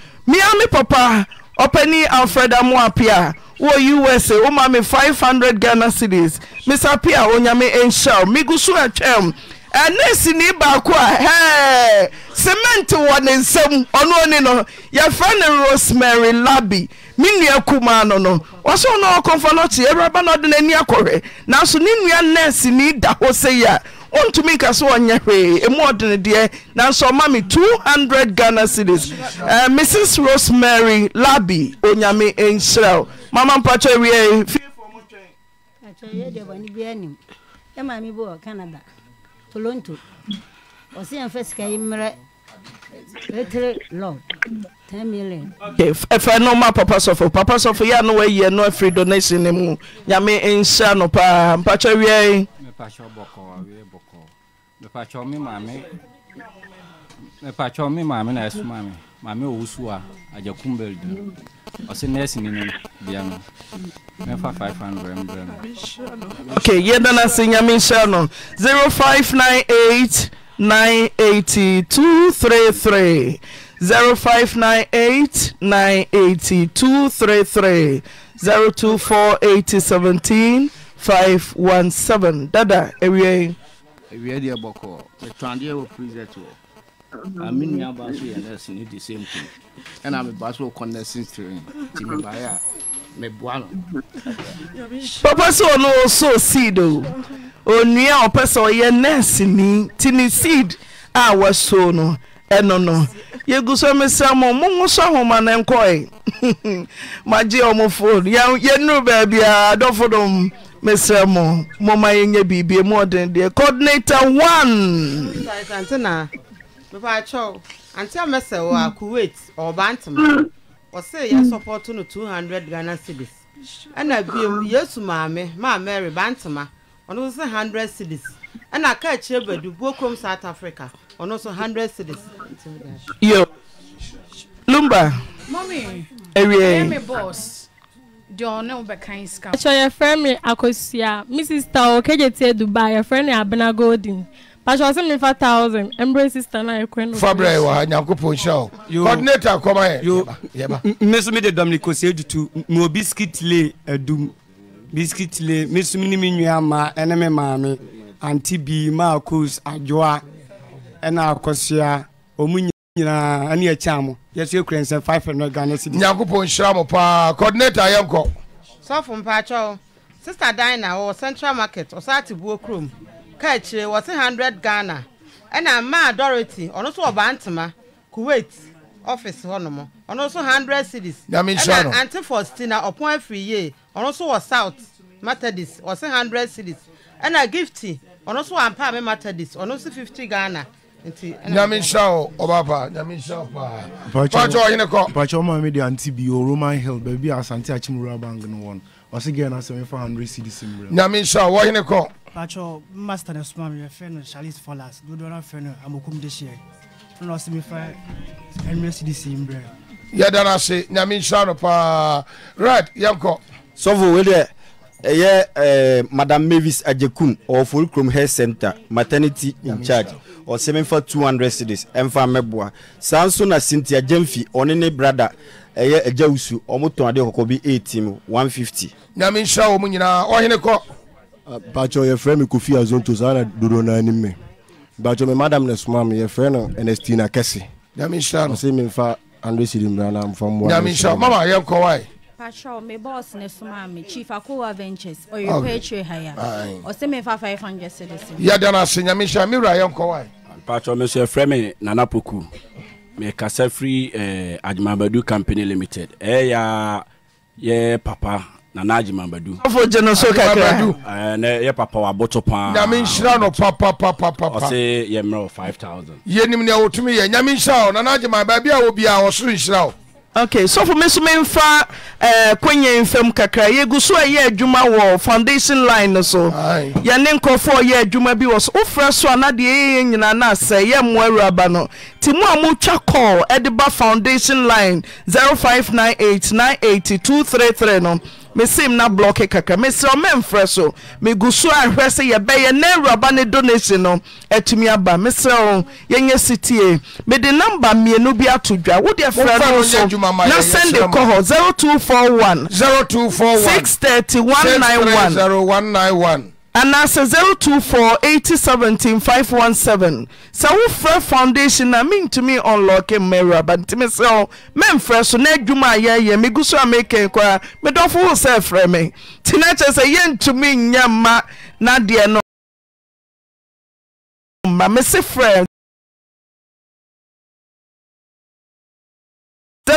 me papa ɔpɛni alfred amoapia a wowɔ usa woma me 500 ghana cidies mesa pia a ɔnyame nhyiam megu suo atwɛm ɛnɛ sini baako a hɛ cement wɔ ne nsɛm ɔno oni no yɛfrɛ ne rosemary laby me nnua kumaa no no ɔsowo ne ɔkɔnfa no kye abraba na ɔdeno ani a kɔre nanso ne nua nnɛ seni da hɔ sɛ yi a ɔntumi nka so ɔnyɛ hwee ɛmu ɔdene deɛ nanso ɔma two hundred ghana cities uh, eh, mrs rosemary labi onyame nhyerɛw mama mpakyɛ wie ɛmaame bi wɔ canada toronto ɔsɛ yɛmfa sika yi mmerɛ retire lord ten million. ɛfɛ no ma papa sɔfo papa sɔfo yɛ a no wɔayi no afiri donation ne mu nyame nhyira no paa mpakyɛ wie mepatsɔ bɔkɔ awie bɔkɔ mepatsɔ mi maame mepatsɔ mi maame na ɛso maame maame owusua adzakumbel do ɔsi nɛɛsi nini bia no mefa five hundred mbrɛ no. okay yedana se nyame nhyɛ no zero five nine eight nine eighty two three three. 0598 980 233 024 8017 five one seven dada ewia yi. ewia deɛ bɔkɔ etwandeɛ wɔ preset wɔ mm-hmm. ami nua ba so yɛ nɛɛsi ni the same thing ɛna mi ba so kɔ nursing training ti mi ba yɛ a mi bua no. papa sɛ ɔno ɔsɔ seed o onua ɔpɛ sɛ ɔyɛ nɛɛsi ni ti ni seed a wɔsɔ no ɛno no yegu so mesra mo mo ho so ahoma ne nkɔe magye ɔmo phone yɛnuru baabi a adɔfo dom mesrɛ mo moma yɛnyɛ biribie mu ɔden deɛ coordinator one antena mepakyɛw ante a mɛsɛ wɔ hmm. a kuwait ɔba ntema hmm. ɔse yɛsɔpɔto hmm. no 200 ghana cities ɛna biom yesu maame mary bantema ɔno nso 100 cities ɛna ka akyirɛ badu bokom south africa ɔno nso 100 cities yo lumba boss deɛ ɔne wo bɛkan sika kyɛ yɛfrɛ me akosua me sister dubai yɛfrɛ ne abena golden pakyɛ ɔse mefa thousand embrace sister no yɛkɔ Fabre, fabrɛ wɔ ha nyankopɔn hyira wo coordinator kɔma You, me so mede dominic osie dutu ma obi skitile adum biskitile me so ne me nua ama ɛne me maame anti bi maakos adwoa ɛna akɔsoa nyinaa ɛne ɛkyɛ mo yɛsɛ ɛkura nsɛ 500 ghana cedi nyankopɔn nhyira mo paa coordinator yɛnkɔ sɔfo mpaakyɛw sister dina wɔ central market ɔsaate buo kurom ka akyire wɔse hundred ghana ɛna maa dorothy ɔno so ɔba ntoma kuwait office hɔnom ɔno so hundred cities ɛna ante faustina ɔpon afiri yie ɔno so wɔ south methodist ɔse hundred cities ɛna gifty ɔno so wɔ ampa methodist ɔno so fifty ghana nyame nhyira wo ɔbapa nyame nhyira wo paa pakyɛ ɔhene kɔ pakyɛ ɔma bi o roman hill baabi asante achimura bank no wɔ no ɔse gɛ no asɛ mefa 100 cd simmerɛ nyame nhyira wo ɔhene kɔ pakyɛ master no soma me yɛfrɛ no charles follas dodoɔ no afrɛ no amokum de hyeɛ na ɔse mefa 100 cd simmerɛ yɛda no ase nyame nhyira no paa red yɛnkɔ sɔfo wei deɛ ɛyɛ ɛɛ eh, madam mavis ajekun ɔwɔfori kurom hair center maternity in charge ɔsɛ mɛfa two hundred cities ɛnfa mɛboa saa nso na cynthia jemfi ɔne ne brada ɛyɛ ɛgya wusu ɔmo tɔn ade kɔkɔ bi eighty mu one fifty. nyame nhyira wɔn nyinaa ɔhene kɔ. Ah, bàtchɛ yɛfrɛ mi kofi azonto saa na dodo na anim mi bàtchɛ mi madam na suma mi yɛfrɛ no ernestina kɛse. nyame nhyira no ɔsɛ mi nfa hundred cities mìíràn na nfa mu. nyame nhyira mama yɛn kɔ wa yi mpatsɔ me boss ne suma mi chief akowa ventures oyeko etwe ha haya, ɔsi mi fa five hundred cedis. yadana ase nyame nhyia mi wura yɛ nkɔ wa. mpatsɔ mi nso efrɛ mi nana poku mi kasa firi ɛɛ eh, adumabadu company limited ya yɛ papa nana adumabadu. afɔ jɛnɛ so kakra. ɛɛ eh, ne yɛ papa wa bɔtɔ paa. nyame nhyira no papapapapa. ɔsi yɛ mmerɛ wɔ five thousand. yé nimu ni a wotumi yɛ nyame nhyira o nana adumabadu bi a wo bi a ɔsoro nhyira o. Okay, sọfún mi sún mi nfa eh, kwenye nfam kakra yegu so a yɛ adwuma wɔ foundation line so yɛne nkɔfoɔ yɛ adwuma bi wɔ so wofrɛ so a na deɛ yɛyɛ nyinaa no asɛ yɛ mmoa awuraba no nti mo a motwa kɔɔ e de ba foundation line 0598 980 233 no meseim na blɔck kakra mesrɛw memfrɛ so megu soo a hwɛ sɛ yɛbɛyɛ na awuraba no donesi no atumi aba mesrɛw yɛnyɛ si tie mede namba mmienu bi ato dwa wodeɛ frɛ nosona sɛne kɔ hɔ 02410263019101 anaasɛ 02487517 sɛ wofrɛ foundation na mentumi ɔnlɔke mmaruraba ntimi sɛ o memfrɛ so na adwuma a yɛyɛ megu so a meken koraa medɔfo wo sɛ frɛ me nti na kyerɛ sɛ yɛntumi nyɛ mma na deɛ no mma mese frɛ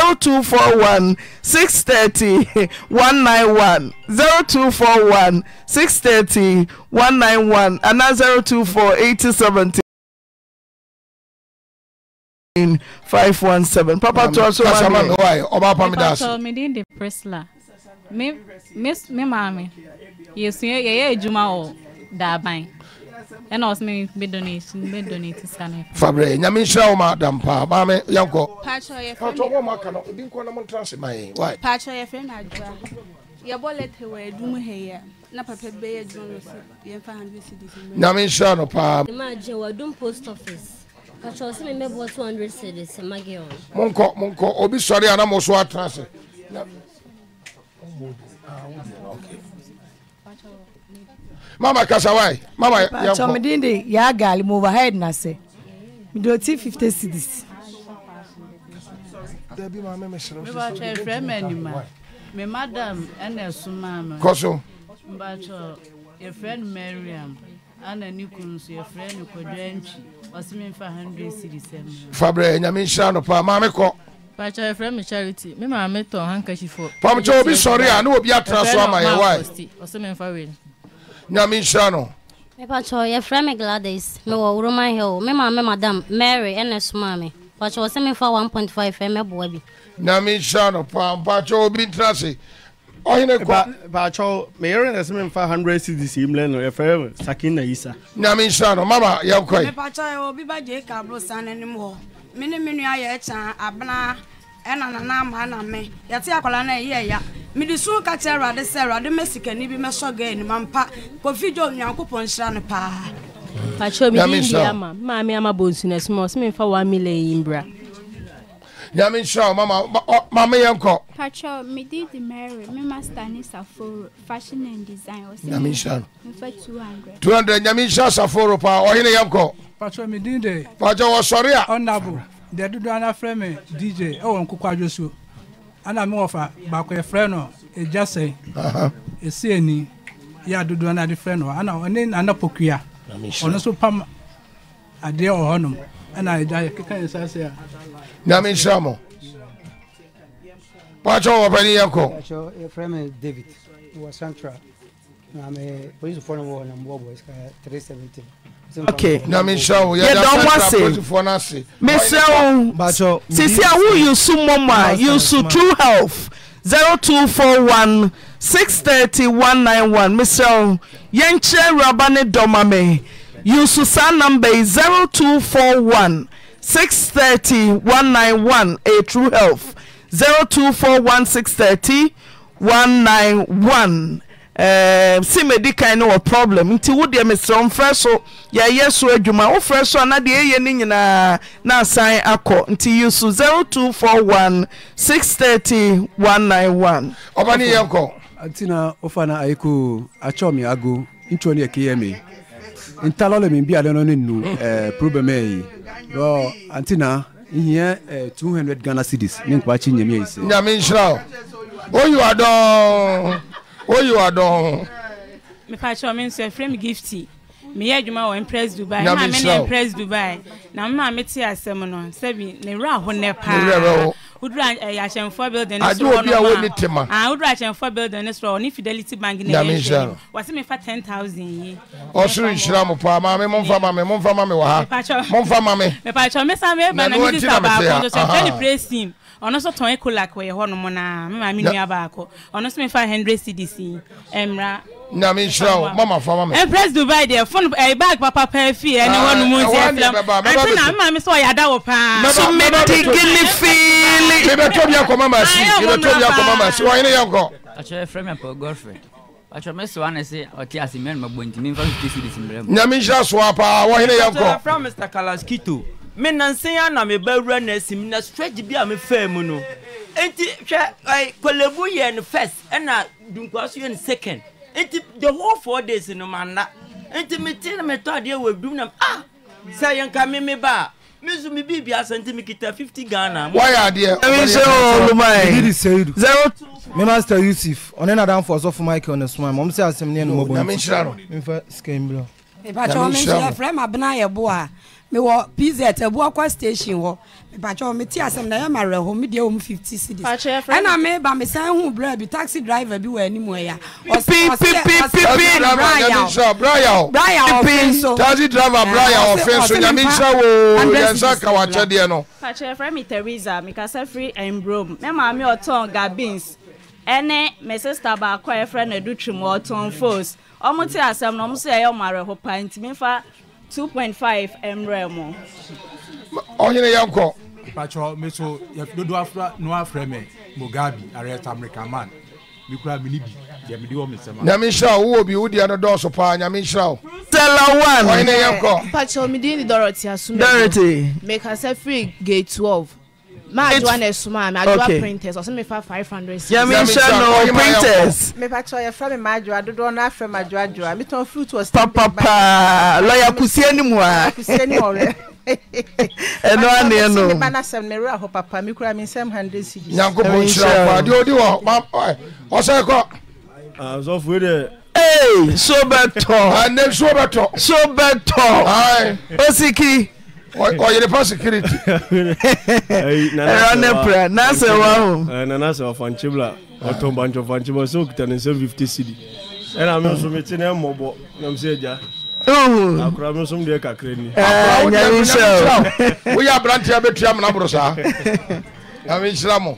zero two four one six thirty one nine one zero two four one six thirty one nine one and na zero two four eighty seventy. five one seven papa tó ọsọ wa mi. ọba apami da so. papa tó mi dín di prisla ɛna ɔsɛ mi bɛ donate mi bɛ donate sani. fabrɛ nyame nhyira wo ma dampa maame yankɔ. paatɔ yɛ fɛn mi ɔtɔ wɔn mu aka no obi nkɔ na mo n tera se ma ye wae. paatɔ yɛ fɛn mi adua yɛbɔ lɛtɛ wɔ ɛdum hɛ yɛ na papa bɛyɛ dun no yɛn fa hundred cedis. nyame nhyira no paa. ne ma jɛ wɔ dun post office paatɔ ɔsɛ mi bɛ bɔ two hundred cedis ma gɛ wɔn. mo nkɔ mo nkɔ obi sɔre a na mo so atera se. Ah, mama kasawai mama yɛnkɔ. bàtɔ mi din de yà á gaali mo overhead na sɛ mi fifty cedis. dabi maa mi mi sere o sise o de o ti mi ta mo wa. mi madam ɛna ɛsun maa mi. kɔso. bàtɔ efrɛ ni mariam ana ne kun so efrɛ ni kodwantwi ɔsimi nfa hundred cedis ɛmu. fabrɛ nyame nhyira no paa maame kɔ. bàtɔ efrɛ mi charity mi maa mi tɔ handkerchief. pɔmkyɛ obi sɔre a ne obi atena so ama yɛ wa. efrɛ ni ɔmaa kɔsti ɔsimi nfa wei nyame nhyira no mepatwɔ yɛfrɛ me gladys mewɔ roman hill me me madam mary ɛna somaa me patwɔ sɛ mefa 1.5 fɛ mɛboa bi nyame nhyira no paa mpatwɔ obi ntena se ɔhene kɔ baatwɔ meyere na sɛ memfa 100 cds yi mlɛ no yɛfrɛ sakina isa nyame nhyira no mama yɛnkɔe mepatwɔ yɛwɔ bi bagye kabro sa no anim hɔ mene me nua yɛkyɛn abena ɛna nana ama na me yɛte akwadaa no ɛyɛ ya mede sun ka kyerɛ awurade sɛ awurade mɛsikani bi mɛsɔ ga anim ampa kofi gye onyankopɔn nhyira no paa pakyɛ medindi ama maame ama bɔnsu no asoma ɔsɛ memfa 1 million yi mbra nyame nhyira wo mama mama yɛ nkɔ pakyɛ mede de mary me master ne saforo fashion and design nyame nhyira no mfa 200 200 nyame nhyira saforo paa ɔhene yɛ nkɔ pakyɛ medin de pakyɛ wɔsɔre a ɔnabo deɛ dodo ana frɛ me dj ɛwɔ nkokɔ adwo so ana me wɔfa baako yɛfrɛ no ɛgya sɛe ɛsi ani yɛ adodo ana de frɛ no ana ɔne nana pokua ɔno nso pam adeɛ wɔ hɔ nom ɛna ɛgya yɛkeka yɛ sa sɛ a nyame nhyira mɔ wakyɛ wɔpɛne yɛkɔ yɛfrɛ me david wɔ central na me policefoɔ no wɔ hɔ na mbɔbɔ sika 317 okay nyamihyia wo yɛ dɔn mo ase mesrɛ wo sisi a wo yusu mɔmɔ a yusu true health zero two four one six thirty one nine one mesrɛ wo yɛn kyerɛ raba ne dɔma me yusu saa namba yi zero two four one six thirty one nine one a true health zero two four one six thirty one nine one. Eh, si medikan no wɔ problem nti wo deɛ meserɛ mfrɛ so yɛyɛ so adwuma wo frɛ so ana deɛ ɛyɛ nyinaa na asane akɔ nti yi so 0241 630 ɔba ne yɛ na ago ntwo no yɛkeyɛ me ntalɔle me biade no ne nu eh, problem antina 200 eh, ghana cities ne nyame ayi sɛ nyame nhyira o oyi wa dɔn ho. mipatsi mi nso efirɛ mi gifti meyɛ adwuma wɔ impress dubai maa mi ne impress dubai na maa mi ti asɛm no sɛbi ne wura ho nɛ paa wodu ahyɛnfoɔ building ne soro hɔ noma a ah, wodu ahyɛnfoɔ building ne soro hɔ fidelity bank ne yɛ nhwɛ wɔsi mi fa ten thousand yi. ɔsoro nhyira mu paa maame mo nfa maame mo nfa maame wɔ ha mo nfa maame. mipatsi mi san mi eba na mi ti sa baako nso sɛ n ni praise team ɔno nso tɔn ekolak wɔ yɛ hɔnom na mema me nua baako ɔno nso mefa hundred cds mmra nyame nhyira wo mama fa mama empress eh, dubai de phone ɛyɛ eh, bag papa pɛɛ fi ɛne hɔnom nti ɛfilam ɛnti na mema me sɛ ɔyɛ ada wɔ paa so metigili fiili mebɛtɔ bi akɔ mama si mebɛtɔ bi akɔ mama si wɔyene yɛnkɔ akyerɛ frɛ me apɛ girlfriend ɔtwerɛ me soa ne se ɔte ase mɛnomabɔ ntimi mfa 50 cds mmerɛ mu nyame nhyira soa paa wɔhene yɛnkɔ mr kalaskito me nansan ya na me bawura na esim na stretch bi a me faa mu no nti hwɛ ɛɛ kolebu yɛ no first ɛna dunkwaso yɛ no second nti the whole four days no ma nna nti me ti na me tɔ adeɛ wɔ dum na ah sɛ yɛn ka me me ba me nso bi bi asa nti me kita fifty ghana. wáyà adeɛ ɛmi se o luma yi yiri seyidu zero two. me master yusuf ɔne na danfo ɔsɔfo mike ɔne suma mɔm sɛ asɛm ne ɛnumɔ bɔ nti. na n ṣira no. nfa sikɛn bila. ìbátan mi n ṣe fúlẹ́mà bí náà yẹ bó a mewɔ pz ɛbu akɔ station hɔ mepakyɛ mete asɛm na ɛyɛ ma werɛhɔ medeɛ wɔ m 50 cities ɛna meba mesan hu berɛ bi taxi driver bi wɔ anim ɛyɛ taxi driver braya ɔfe so nyame nhyɛ wo yɛnsa ka wakyɛdeɛ no pakyɛ frɛ me teresa mekasa firi mbrom me maame ɔtɔn gabins ɛne me sista baakɔ a ɛfrɛ no adutwim ɔtɔn fos ɔmo te asɛm no ɔmo so ɛyɛ ɔmo awerɛho pa ntimi mfa 2.5 point five mmerɛ mu. ɔnyina yɛn kɔ. patro mi so dodo afra no afra mɛ mugabe arɛta american man mi kura mi ni bi deɛ mi di wɔ mi nsɛm. nyame nhyira wo wo bi wo di ano dɔɔso paa nyame nhyira wo. one. ɔnyina yɛn kɔ. patro mi di ni dorothy asumɛ. dorothy. mekasa free gate twelve maa adua na esuma ami adua printers ọsẹ mi fa five hundred six. yẹmi nṣẹ no printers. mipatọ yẹ fẹ mi maa adua dodoɔ náà fẹ maa adua adua mi tán fruit was. papapa lọọyà kusi ẹnimu a. kusi ẹnimu ọrẹ. ɛno aneɛ no nyankopɔn nhyira wo adeɛ ɔdi wɔ ɔsɛ kɔ asɔfoe deɛ Hey, so better. And then so better. So better. Aye. Osiki ɔyere pa security ɛra ne pra nasɛ wa ho nanasɛ ɔfankyebla ɔtɔ bankyɛ ɔfankyebla sɛ ɔkuta ne nsɛ 50 cd ɛna me nso mete ne mmɔbɔ nam sɛ agya akora me nso mdeɛ kakra ni woyɛ aberanteɛ mo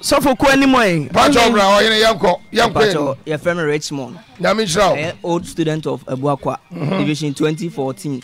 sɔfo ko anim ɛ. pàtó ọ̀bùrà ọ̀yẹ́nì yẹn. pàtó richmond. old student of ebuakwa mhm. division twenty fourteen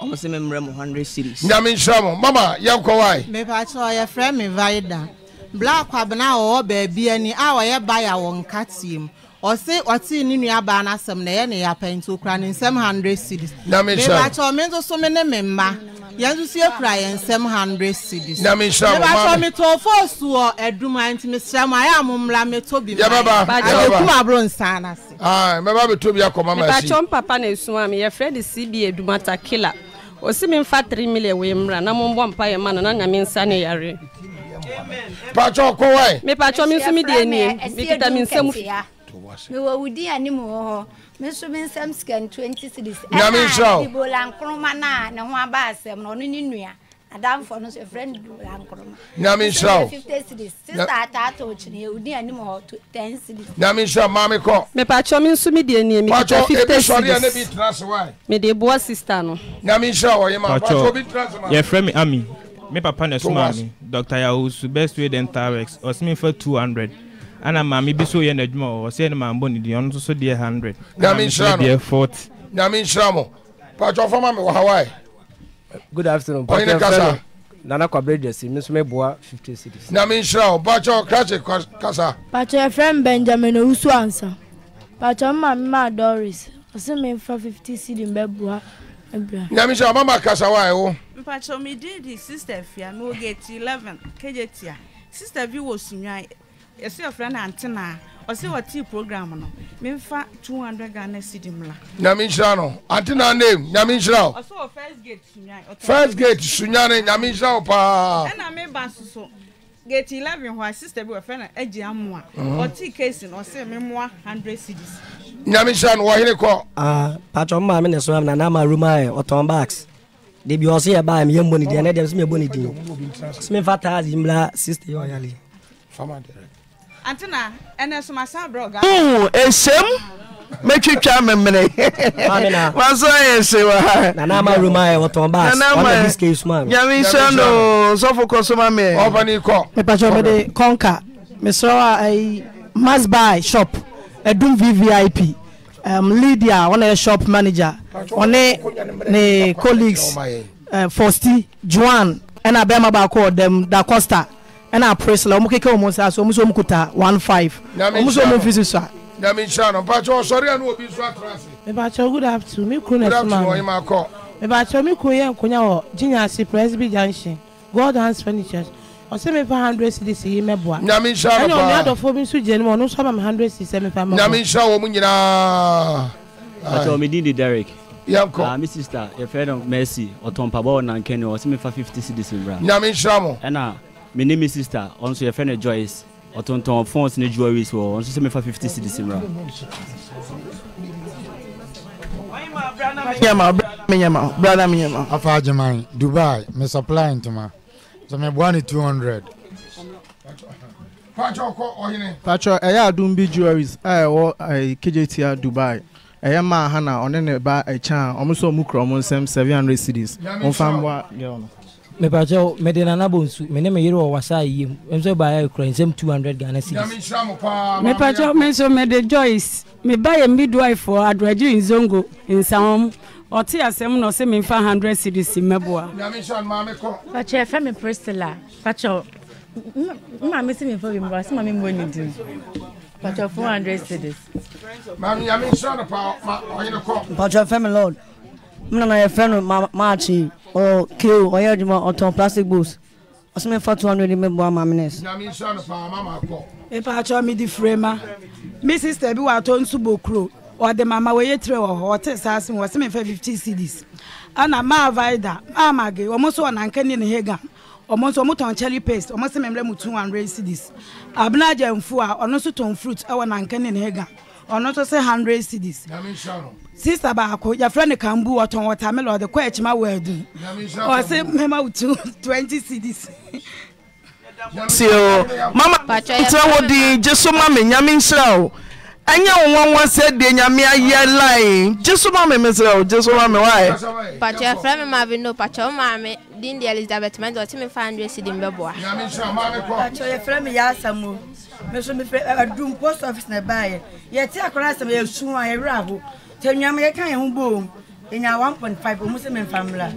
ọmọ sí mi mìíràn hundred series. mama yẹ́nkọ wáyé. mi pàtó yẹ vaida black abena ọwọ́ bẹ̀ẹ̀bi ẹni a wọ́yẹ báyà wọ̀ nká tiẹ̀ mu. ɔsi ɔti ne nuabaa n'asɛm na ɛyɛ ne yapɛ nti okura ne nsɛm hundred cities. nyame nsira beba kyɛw mi nso so mi ne mi mma yɛn nso so yɛn nsɛm hundred cities. nyame nsira mo maa mi beba kyɛw mi tɔ foosu wɔ ɛduma nti mi sira mu ayɛ amumla mi to ma yɛ bɛba yɛ bɛba ayeku aburo nsan n'ase. aa mbɛba bi to bi akɔma ma ɛsi. beba kyɛw papa na esun ami yɛfrɛ de cba dumata kila osi mi nfa three million wei mura na mo bɔ mpa yɛ ma na na nyame nsa yare. patro kowai. mi patro mi nso mi di enie mi kita mi nsɛm mewɔ wo din anim wɔ hɔ me nso me nsɛm scan 20 cities nyame nhyira wo ibola nkroma no a ne ho aba asɛm no ɔno ne nua adamfo no so ɛfrɛ no ibola nkroma nyame nhyira wo 50 cities sister ato kyene yɛ wo din anim hɔ 10 cities nyame nhyira maame kɔ mepakyɛ me nso me deɛ nie mekita 50 cities mede boa sister no nyame nhyira wɔ yɛ mapakyɛ yɛfrɛ me ami me papa na ɛso maa me dr yahosu best way dental x. rex ɔsɛ two hundred ana maame bi so yɛ n'adwuma wɔ ɔsɛ ne maame bɔ ne deɛ ɔno nso deɛ hundred nyame nhyira no deɛ forty nyame nhyira mo patwɔ fama me wɔ hawaii good afternoon ɔyene kasa nana kwabre jesi mi nso fifty cities nyame nhyira wo patwɔ krakye kasa patwɔ yɛfrɛ m benjamin owusu ansa patwɔ mma me ma doris ɔsɛ memfa fifty city mbɛboa nyame nhyira mama kasa wa ɛwo mpatwɔ medin de sister fia mewɔ gate eleven kegyetia sister bi wɔ sunwae yɛsɛ yɛfrɛ no antena a ɔsɛ wɔtee program no memfa 200 ghana cedi mla. nyame nhyira no antena name nyame nhyira wo first gate sunyane nyame nhyira wo paa ɛna meba so so gate 11 hɔ a sister bi wɔfrɛ no agye amoa mhm. ɔtee case no ɔse memmoa 100 cedis nyame nhyira no wɔhene kɔ ah, patɔ mmaa me ne so am nanama rumaɛ ɔtɔn bags debi ɔse yɛ baa meyɛ mbɔ ne di. ɛnɛ deɛ so meyɛbɔ ne din so memfa taase mmra sister yɛ ɔyale antina ɛnɛ so masan brɛ ɔga. ɛsɛm mɛtwitwa memere maso ayɛ se wha nyame nhyɛ no sɔfo kɔ so ma meɛ mepakyɛ mede kɔnka mesrɛ a masby shop adum vvip um, lydia ɔna yɛ shop manager ɔne ne colleagues uh, eh, fosti joan ɛna bɛrima baako ɔdɛm da costa ɛna prisla ɔmo keke ɔmo nsa so ɔmo so ɔmo kuta one five ɔmo so ɔmo fisi so a. nyame nhyira no mpakyɛ ɔsɔre a obi nso atra ase. good afternoon mi kun na suma mi mepakyɛ mi kun yɛ nkonya wɔ ginyase presby junction gold hands furniture ɔsɛ fa hundred cedis yi mɛboa. nyame nhyira no paa ɛna ɔmo adɔfoɔ mi nso gyina mu ɔno nso ama mi fa. cedis sɛ mefa mɛboa. nyame nhyira nyinaa. mpakyɛ ɔmo din de derek yɛnkɔ yeah, uh, me sister yɛfrɛ no mercy ɔtɔn mpabɔ wɔ nankɛne mi fa fifty cedis mbra nyame nhyira mo ɛna My name is sister ɔnso yɛfrɛ no joyce ɔtontɔn phones ne jewelries wɔ ɔnso sɛ mefa 50 cedis mmra afa agyeman dubai me supply ntoma sɛ meboa ne 200 patro ɛyɛ adom bi jewelries a ɛwɔ kgta dubai ɛyɛ maa ha na ɔne ne ba ɛkyɛ a ɔmo sɛ ɔmo kura ɔmo nsɛm 700 cedis ɔmfa mboa girl no mepakyɛw mede nanabɔ nsu mene meyere wɔ wasa yie m sɛ baayɛ kura nsɛm 200 ghana mepakyɛw me nso mede joyce meba yɛ midwifoɔ adoagye nzongo nsawɔm ɔte asɛm na ɔsɛ memfa 100 series mmɛboa pakyɛ ɛfɛ me priscilla pakyɛw mma me sɛ memfa bi mmoa sɛ ma memmɔ ne din pakyɛw 400 series mpakyɛw fɛ me lord mina na yɛ fɛ no maakye ɔ keo ɔyɛ adwuma ɔtɔn plastic bowls ɔsɛ mefa 200 mɛboa ma menes mepakyɛ mede frɛ ma me sister bi wɔatɔ nso bɔkuro ɔde mama wɔyɛ tire wɔ hɔ ɔte saa se wɔse mefa 50 cds ana maa vida maa mage ɔmo nso ɔnanka ne ne hagan ɔmo nso ɔmo tɔn cherry paste ɔmo se memmerɛ mu 200 cds abena agyamfo a ɔno nso tɔn fruit ɛwɔ nanka ne ne hagan ɔno nso sɛ hundred cities sista baako yɛfrɛ no kambu ɔtɔn wɔtamela ɔde kɔ akyima wɔ adu ɔse mɛma wo tu twenty cities tio oh, mama ntɛ wo di gye so ma me nyame nhyira o ɛnyɛ wo nwanwa sɛ deɛ nyame ayɛ lae gye so ma me mesrɛ o gye so ma me waɛ pakyɛ frɛ me ma bi no pakyɛ wo maa din de elizabeth mendo ɔte me fa hundred cedi mbɛboa akyɛ yɛfrɛ me yaasa mu me so mefrɛ adum eh, eh, post office na ɛbaeɛ yɛte akɔra asɛm yɛsu a yɛwerɛ ho nti anuama yɛka yɛ ho boom ɛnya 1.5 ɔmu sɛ memfa mmra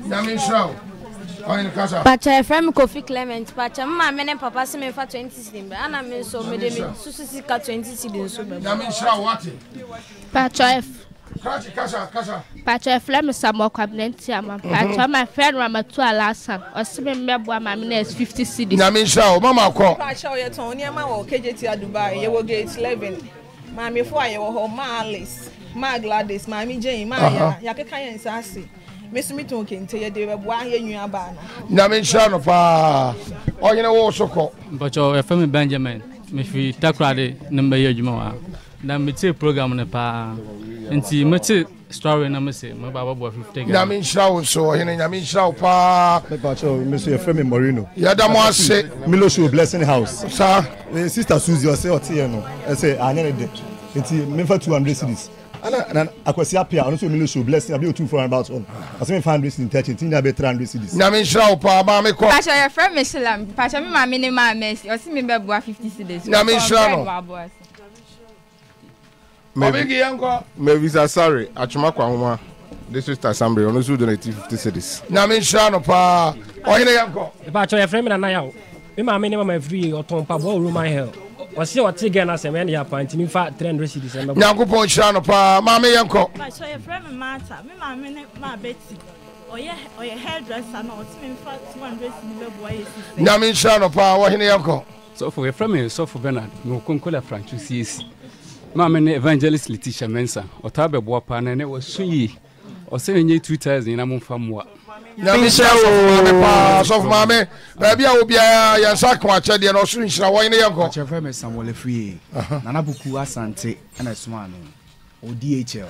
pakyɛ yɛfrɛ me kofi clement pakyɛ mma me ne papa sɛ memfa 20 cedi mbɛ ana me nso mede me susu sika 20 cedi nso bɛbɔ pakyɛ pàtó ẹfrẹ mm-hmm. uh, mi sàmọ kwabinanti ama pàtó ọmọ ẹfrẹ nu amatu alasan ọsibí mbẹbọ ama mi nẹẹsì fifty cedis. nyàmé nṣá o mama kọ. pàṣẹ ọyẹ tán ọ ní ẹ máa wọ kejì ti dubai yẹwò gate eleven maami fún àyẹwò họ máa alice máa gladys maami jane máa yà yàkẹ́kẹ́ yẹn nsá sí mesumi tó kente yẹ de bẹbọ ahẹ nyuya baana. nyàmé nṣá nù paa ọyẹnẹ wọ́ọ̀ṣọ kọ. mpọtọ ẹfẹ mi oh, uh, benjamin mi fi takurade ni mbẹ yẹ adwuma na mete program no paa nti mete story na mese meba bɔbɔ 50 ghana nyame nhyira wo so ɔhene nyame nhyira wo paa mepakyɛ me yɛfrɛ me morino yɛda mo ase milosho blessing house saa eh, sister susi ɔsɛ ɔteyɛ no ɛsɛ anyɛ ah, ne de. nti memfa 200 cities ana akwasi apia ɔno nso mi lesu blessing abi otu four hundred about ɔno ɔsɛ mi five hundred cedis thirty ti na bɛ three hundred cedis. nyame nhyira wo paa maa mi kɔ. pàṣẹ yɛ fẹ́ mi ṣe la pàṣẹ mi maa mi ni maa mẹ́sì ọtí mi bẹ bu wa fifty cedis. nyame nhyira nọ obigi yẹn kọ. mevisa sare atwumakwa ahoma district assembly ọ̀nà sùn donate fifty cities. nyame n ṣe àná paa ọ̀hìnrẹ́ yẹn kọ. ìbáàtọ̀ yẹ fẹ́rẹ́ mi nàná yà o mi maa mi ní mama efiri ọ̀tọ̀ mpa bọ́ọ̀ roman hell wɔsi wɔte ghana sɛm ɛne yɛapa nti memfa 300 cities ɛmɛ nyankopɔn hyira no paa maame yɛnkɔ yɛfrɛ me mata me maame ne mabɛti ɔyɛ ɔyɛ hairdresser na ɔte memfa 200 cities bɛboa yɛ sisɛ nyame nhyira no paa wɔhene yɛnkɔ sɔfo yɛfrɛ me sɔfo bernard na ɔkonkola francho siesi maame ne evangelist letitia mensa ɔtaa bɛboa paa na ɛnɛ wɔso yie ɔsɛ ɛnyɛ 2000 na momfa mmoa nyame sɛ wo maame paa sɔfo baabi a wo yɛnsa ko akyɛdeɛ na ɔsoro nhyira wɔn ne yɛnkɔ akyɛfrɛ me samuel afrie nanaboku asante ɛna ɛsoma no ɔdhl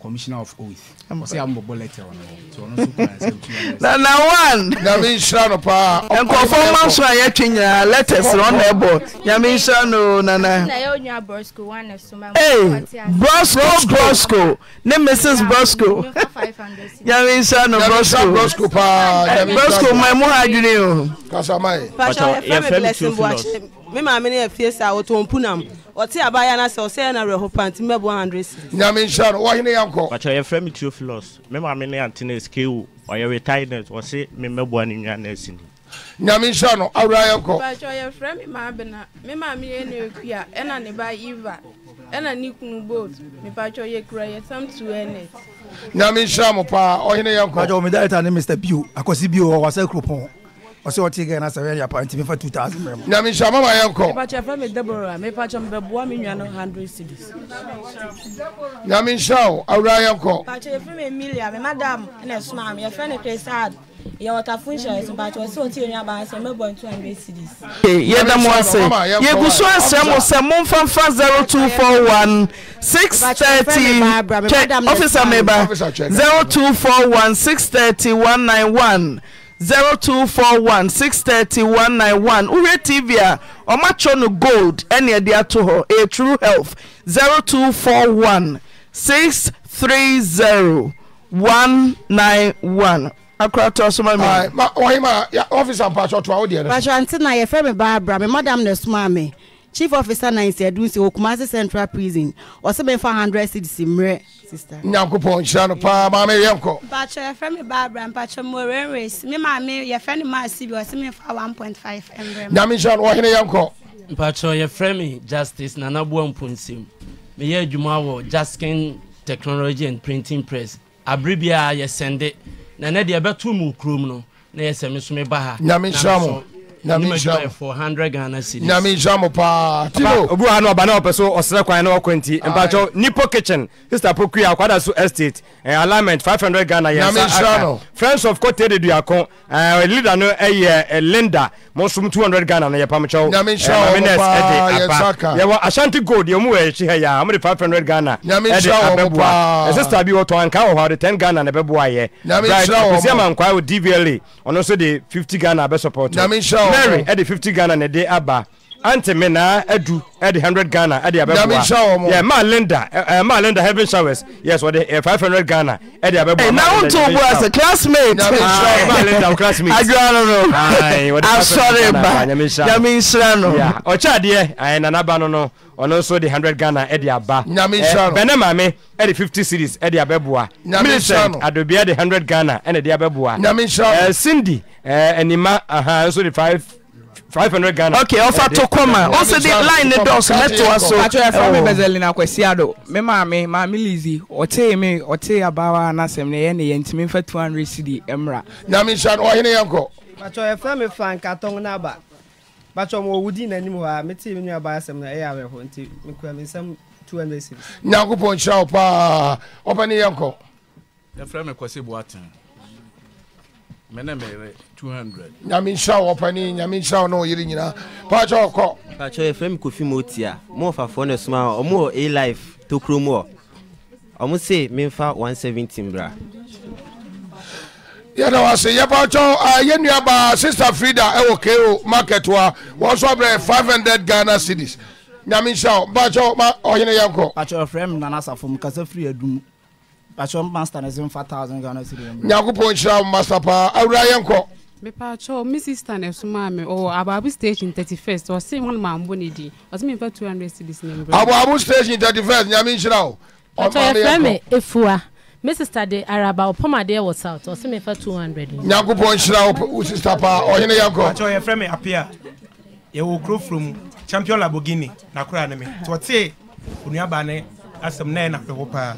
commissioner of oath ɔsɛ ambɔbɔ lɛtɛ ɔno nti ɔno nso kora nsɛm tu na na one nyame nhyira no paa nkɔfɔ ma so a yɛtwe nyinaa lɛtɛs no ɔna ɛbɔ nyame nhyira no nana ee brosco brosco ne mrs brosco nyame nhyira no brosco brosco ma mu ha adwene o kasamae yɛfrɛ me tuo phillips me maame ne yɛ fie sɛ a wɔtɔn punam ɔte abaayewa no sɛ ɔsɛ na werɛ ho paa nti mɛbɔ hundred cedis nyame nhyira no wɔhene yɛnkɔ wakyɛ yɛfrɛ me theophilus me maame ne ante no skeo ɔyɛ retired ɔse memmɛboa no nwa no asini nyame nhyira no awura yɛnkɔ bakyɛ yɛfrɛ me maa bena me maame yɛ ne ɛkua ɛna ne ba eva ɛna ne kunu boat mepakyɛ yɛkura yɛsam to ɛnet nyame nhyira mo paa ɔhene yɛnkɔ bakyɛ ɔmedaeta ne mr bio akɔsi bio ɔwɔ asɛ kuropɔn ɔsɛ ɔte ghana sɛ wɛyɛ apa nti mefa 2000 mrɛ mu nyamehyɛ ma ma yɛ nkɔ mepakyɛ frɛ me debora mepakyɛ mbɛboa me nua no 100 cities nyamehyɛ wo awura yɛ nkɔ pakyɛ yɛfrɛ me emilia me madam ɛna ɛsoma me yɛfrɛ ne krisad yɛ wɔtafo nhyɛɛ so pakyɛ ɔsɛ ɔte ɛnua baa sɛ mɛbɔ 200 cities yɛda mo ase yɛgu so asrɛ mo sɛ momfamfa 0241 630 officer meba 0241 630 191 Zero two 0241 630 191 Ure TV a ɔmatwɛ no gold ɛne ɛde ato hɔ a true health Zero two 0241 630 191 akorato asoma mi. ɔhima ɔfisa mpatsɔ to a o deɛ. pàṣẹ àǹtí náà yẹ fẹ́ mi bá a bra mi mọ́dàmú nà ẹ̀ súnmọ́ mi chief officer na nsɛdu nsi wɔ kumasi central prison ɔsɛ bɛ fa hundred cedis mmerɛ sister. nyankopɔn nhyira no paa maame yɛ nkɔ. mpatsɔ yɛfrɛ mi baabura mpatsɔ mu oren race mi maame yɛfrɛ ni maasi bi ɔsɛ mi fa one point five mmerɛ. nyame nhyira no wɔhene yɛ nkɔ. mpatsɔ mi justice nanaboa mponsim meyɛ adwuma wɔ jaskin technology and printing press abiri bi a yɛsɛnde na ne deɛ mu kurom no na yɛsɛ mi so mi ba ha. nyame nhyira nyame nhyira mo paa tiobu ha no ɔba na ɔpɛ so ɔserɛ kwan na wɔkɔ nti mpakyɛw nipo kitchen sister pokui akwada so estate eh, alignment 500 ghana yɛsa ah, ah, ah. friends of cotede duako eh, leader no ɛyɛ eh, linda mosom 200 ghana no yɛpamkyɛw mamines ɛde aba yɛwɔ ashanti gold yɛmu wɔ akyi ha yɛ a 500 ghana ɛde abɛboa sister bi wɔtɔ anka wɔ hɔ de 10 ghana na ɛbɛboa yɛ bright kɔsiama nkwaa wɔ dvla ɔno nso de 50 ghana abɛsupport Very. mary ɛde fifty ghana na ɛde aba anti mi na edu ɛde hundred ghana ɛde abɛboa yɛ maa linda ɛɛ eh, eh, maa linda heaven showers yes wɔde ɛɛ eh, five hundred ghana ɛde abɛboa. ɛ n'anw t'o bɔ ɛsɛ classmate. ayi maa linda classmate. aduane no ayi wɔde five hundred ghana nyamisira no. ɔkyɛ adeɛ ayi nana ba no no ɔno nso de hundred ghana ɛde aba. nyamisira no bɛnɛ maame ɛde fifty series ɛde abɛboa. nyamisira no milicent adobia de hundred ghana ɛna ɛde abɛboa. nyamisira no ɛɛ cindy ɛɛ ɛnima ahan nso de five five hundred ghana. ok ọfà tó kọ ma ó sì di line ní dọ́ọ̀sì mẹ́tọ́wá so. atúwẹ̀ fáwọn bẹ̀zẹ̀lì náà kwesí àdó mi maame maame lizzy ọ̀tẹ́ mi ọ̀tẹ́ àbáwá anásẹ̀m ni yẹn ni yẹn ntumi fẹ́ two hundred cd mra. nyame nsa ọ̀ yẹn yẹn kọ. bàtọ̀ ẹ fẹ́ mi fa nkatọ́n n'aba bàtọ̀ mo wò di n'anim hɔ a mi ti mi nua ba asɛm na ɛyɛ awɛhɔ nti mi kura mi nsɛm two hundred cd. nyankopɔn nhyira wo paa ɔpɛ ne yɛn ẹ fẹ́ mi kọ́ sí buwatin mene meyere 200 nyame nhyira wɔ pani nyame nhyira wo ne ɔyere nyinaa paakyɛ ɔkɔ paakyɛ yɛfrɛ me kofi mɔti a mo ɔfafoɔ no soma ɔmo wɔ a life tokuro mu hɔ ɔmo se memfa 170 mmra yɛda wase yɛpaakyɛ ah, yɛnnuabaa sister frida ɛwɔ ko market wa. wɔn so five hundred ghana cities nyame nhyira ma paakyɛ ɔhene yɛnkɔ paakyɛ ɔfrɛ me nana asafo m kasa firi adum bàtúwò master ne sin fa thousand ghana cedis. nyakubo nhyira mu master paa awura yẹn kọ. mepatwɛ me sister na ɛsoma me ɔwɔ abaabu station 31st ɔse wọn ma mbɔ ne din ɔse memfa 200 cedis ne mbrɛ abaabu station 31st nyame nhyira wo ɔma ne yɛfrɛ me ɛfua me sister de araba ɔpamadeɛ wɔ south ɔse memfa 200 nyankopɔn nhyira wo wo sister paa ɔhene yɛnkɔ akyɛ yɛfrɛ me apea yɛwɔ kurofuro mu champion labogini nakora ne me nti ɔtee onuabaa ne asɛm na ɛnahwɛ hɔ paa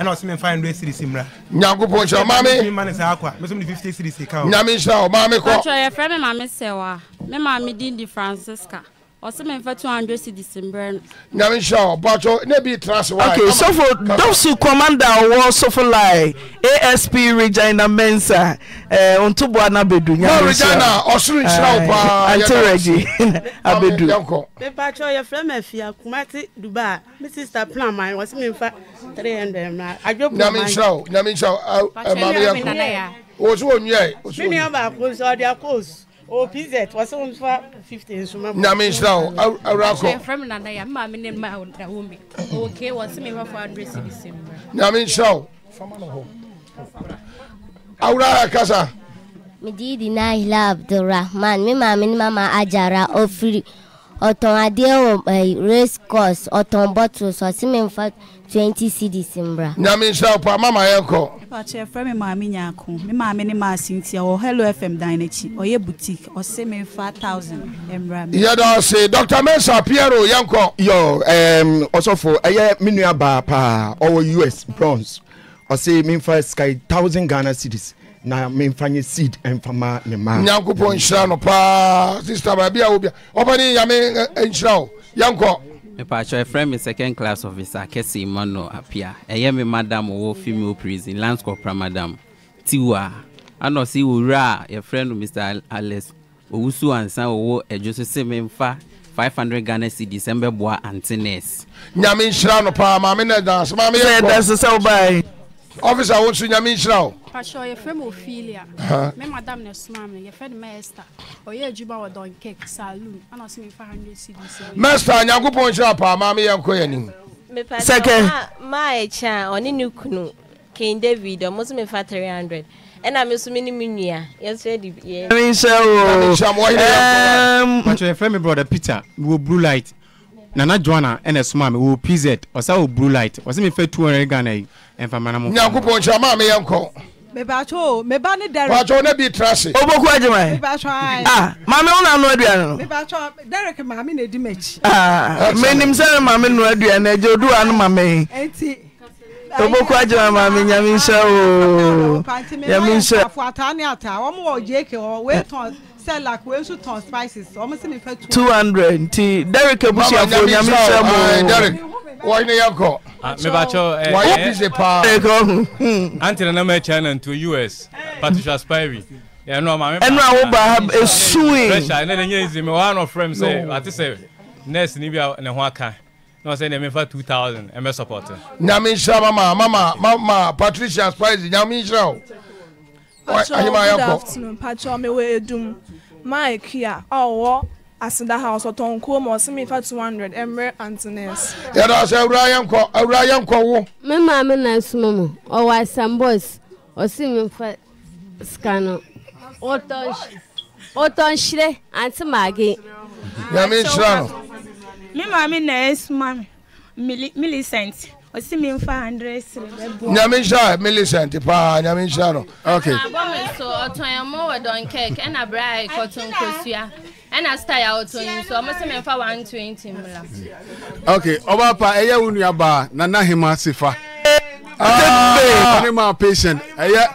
ɛna ɔsi mi nfa ndo esirisi mura. nyankopɔn nhyira maame. mi ma ne sa akwa mi so mi di fifty sirisi ka o. nyame nhyira o maame kɔ. atwa yɛ fɛ mi maame sɛ wa mi maame di di francisca ɔsɛ mɛmfa 200 cedis mbrɛ no nyame nhyɛ ɔbɔto na bi trase wa okay sɔfo dɔfso commander ɔwɔ sɔfo lai asp regina mensa eh, ntoboa no abɛdu nyame regina ɔsoro nhyira wo paa ante regi abɛdu mepatwɛ yɛfrɛ ma afi akomate duba me sister plaman wɔ sɛ memfa 300 mra adwonyame nhyira wo nyame nhyira eh, wo mame yɛko wɔ so wɔ nwiae me nua baako nso ɔde akɔɔsu opi zɛ wɔ sɛ womfa 50 nsoma nyame nhyira wo awurakɔfrɛ me nana yɛ mmaa me ne ma oh, dawo me ok wɔ se mefafo adrɛ si bi sɛ mmra nyame nhyira wo awura kasa medidi na hila abdulrahman me maame ne mama agyara ɔfiri ɔtɔn adeɛ wɔ race course ɔtɔn bottles ɔse memfa twenty cds mbra. nyame nhyira mama yɛ nkɔ. ipaakyɛ fɛn mi maame nyaako mi maame ne maa si ntia wɔ hello fm dan n'akyi ɔyɛ boutique ɔsɛ mi fa thousand mbra mi. yɛda ɔse dr mensa piero yɛ nkɔ. yɔ ɛɛm ɔsɔfo ɛyɛ mi nua baa paa ɔwɔ us bronze ɔsɛ mi nfa sky thousand ghana cedis na memfa nye seed mfa ma ne ma nyankopɔn nhyira no paa sister baabi a bia ɔpɛ ne nyame eh, nhyira wo yɛnkɔ mepakyɛ ɛfrɛ me second class officer kɛse Mano apia ɛyɛ me madam wɔ female prison lance corporal madam tiwa ana ɔsi owura a yɛfrɛ no mr alex owusu ansa owó ɛdwo so se me mfa five hundred ghana cedis ɛn bɛ antenes. antennes. nyame nhyira no paa maame na ɛdansi maame yɛ kɔ. ɛdansi sɛ ɔbaa yi ɔfisa wo nso nyame nhyira wo pakyɛ yɛfrɛ me ophelia me madam ne soma me yɛfrɛ no mɛsta oh, ɔyɛ adwuma wɔ donkek saloon ana ɔse mefa 100 cds mɛsta nyankopɔn nhyira pa, maa me yɛnkɔ yɛanim sɛkɛ ma ɛkyɛ a ɔne ne kunu king david ɔmo so mefa 300 ɛna me so mene me nua yɛsɛ de biɛnhyɛ wopakyɛ yɛfrɛ me brother peter mewɔ blue light nana Joanna, ɛna ɛsoma me wɔ pz ɔsa wɔ blue light ɔsɛ mefa 200 ghana yi nyankopɔn nkyerɛ maa meyɛ nkɔ mebatwo meba ne derek batwo ne bi trase oboku adwuma mebatwo ai ah maame wo na aduane no mebatwo derek maame na edi machi ah menim sɛ maame no aduane agye odu ano maame enti oboku adwuma maame nyame nhyɛ o nyame nhyɛ afo ataa ne wɔn wɔ jk wɔ weetɔn sɛlak wei tɔn spices wɔn sɛ mefa two hundred nti derek abusuafo nyame nhyɛ mo wɔn ne yɛ kɔ. mebakyɛw ɛɛ wɔyɛ busy paa. Eh, ante na nam china nto us patricia spivey ɛnu ɔmaame ɛnu awo ba ha esui. Eh, pressure ah, ne de nye nzi mi wɔn anɔ frɛm sɛ ati sɛ nurse ni bi ne ho aka na ɔsɛ ne mefa two thousand ɛmɛ eh, support. nyame nhyira mama mama mama patricia spivey nyame nhyira o. ahima ayɛ kɔ. patrɔ good afternoon patrɔ mi wɔ edum mike a ɔwɔ aseda house ɔtɔn kuo ma ɔsi mi fa two hundred ɛmrɛ antinɛs. yàrá sɛ awura yɛn kɔ awura yɛn kɔ wo. mi maame na suma mu ɔwɔ asan boys ɔsi mi fa sika no ɔtɔn ɔtɔn hyerɛ anti maage. nyame nhyira no. mi maame na esuma mi Millicent, milicent ɔsi mi nfa hundred siri bɛ bɔ. nyame nhyira milicent paa nyame nhyira no. ok. abɔ mi so ɔtɔn yɛn mo wɔ dɔnkɛk ɛna bere a ɛkɔtun kosua ɛna star yà ɔtɔ yin so ɔmo sɛ mɛfa one twenty mla. ok ɔba pa ɛyɛ wo nuaba nana hema sefa. ɛyɛ maa patient ɛyɛ.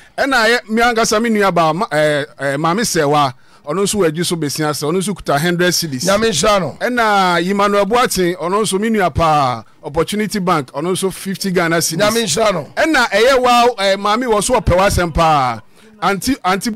ɛna ayɛ mi ankasa mi nua ba ɛɛ ɛɛ eh, eh, maame sɛwa ɔno nso wɔ so besia sɛ ɔno nso kuta hundred cities. nyame nhyira no. ɛna emmanuel buaten ɔno nso mi nua paa opportunity bank ɔno nso fifty ghana cities. nyame nhyira no. ɛna ɛyɛ wa ɛɛ eh, maame wɔ so ɔpɛ wa paa anti anti.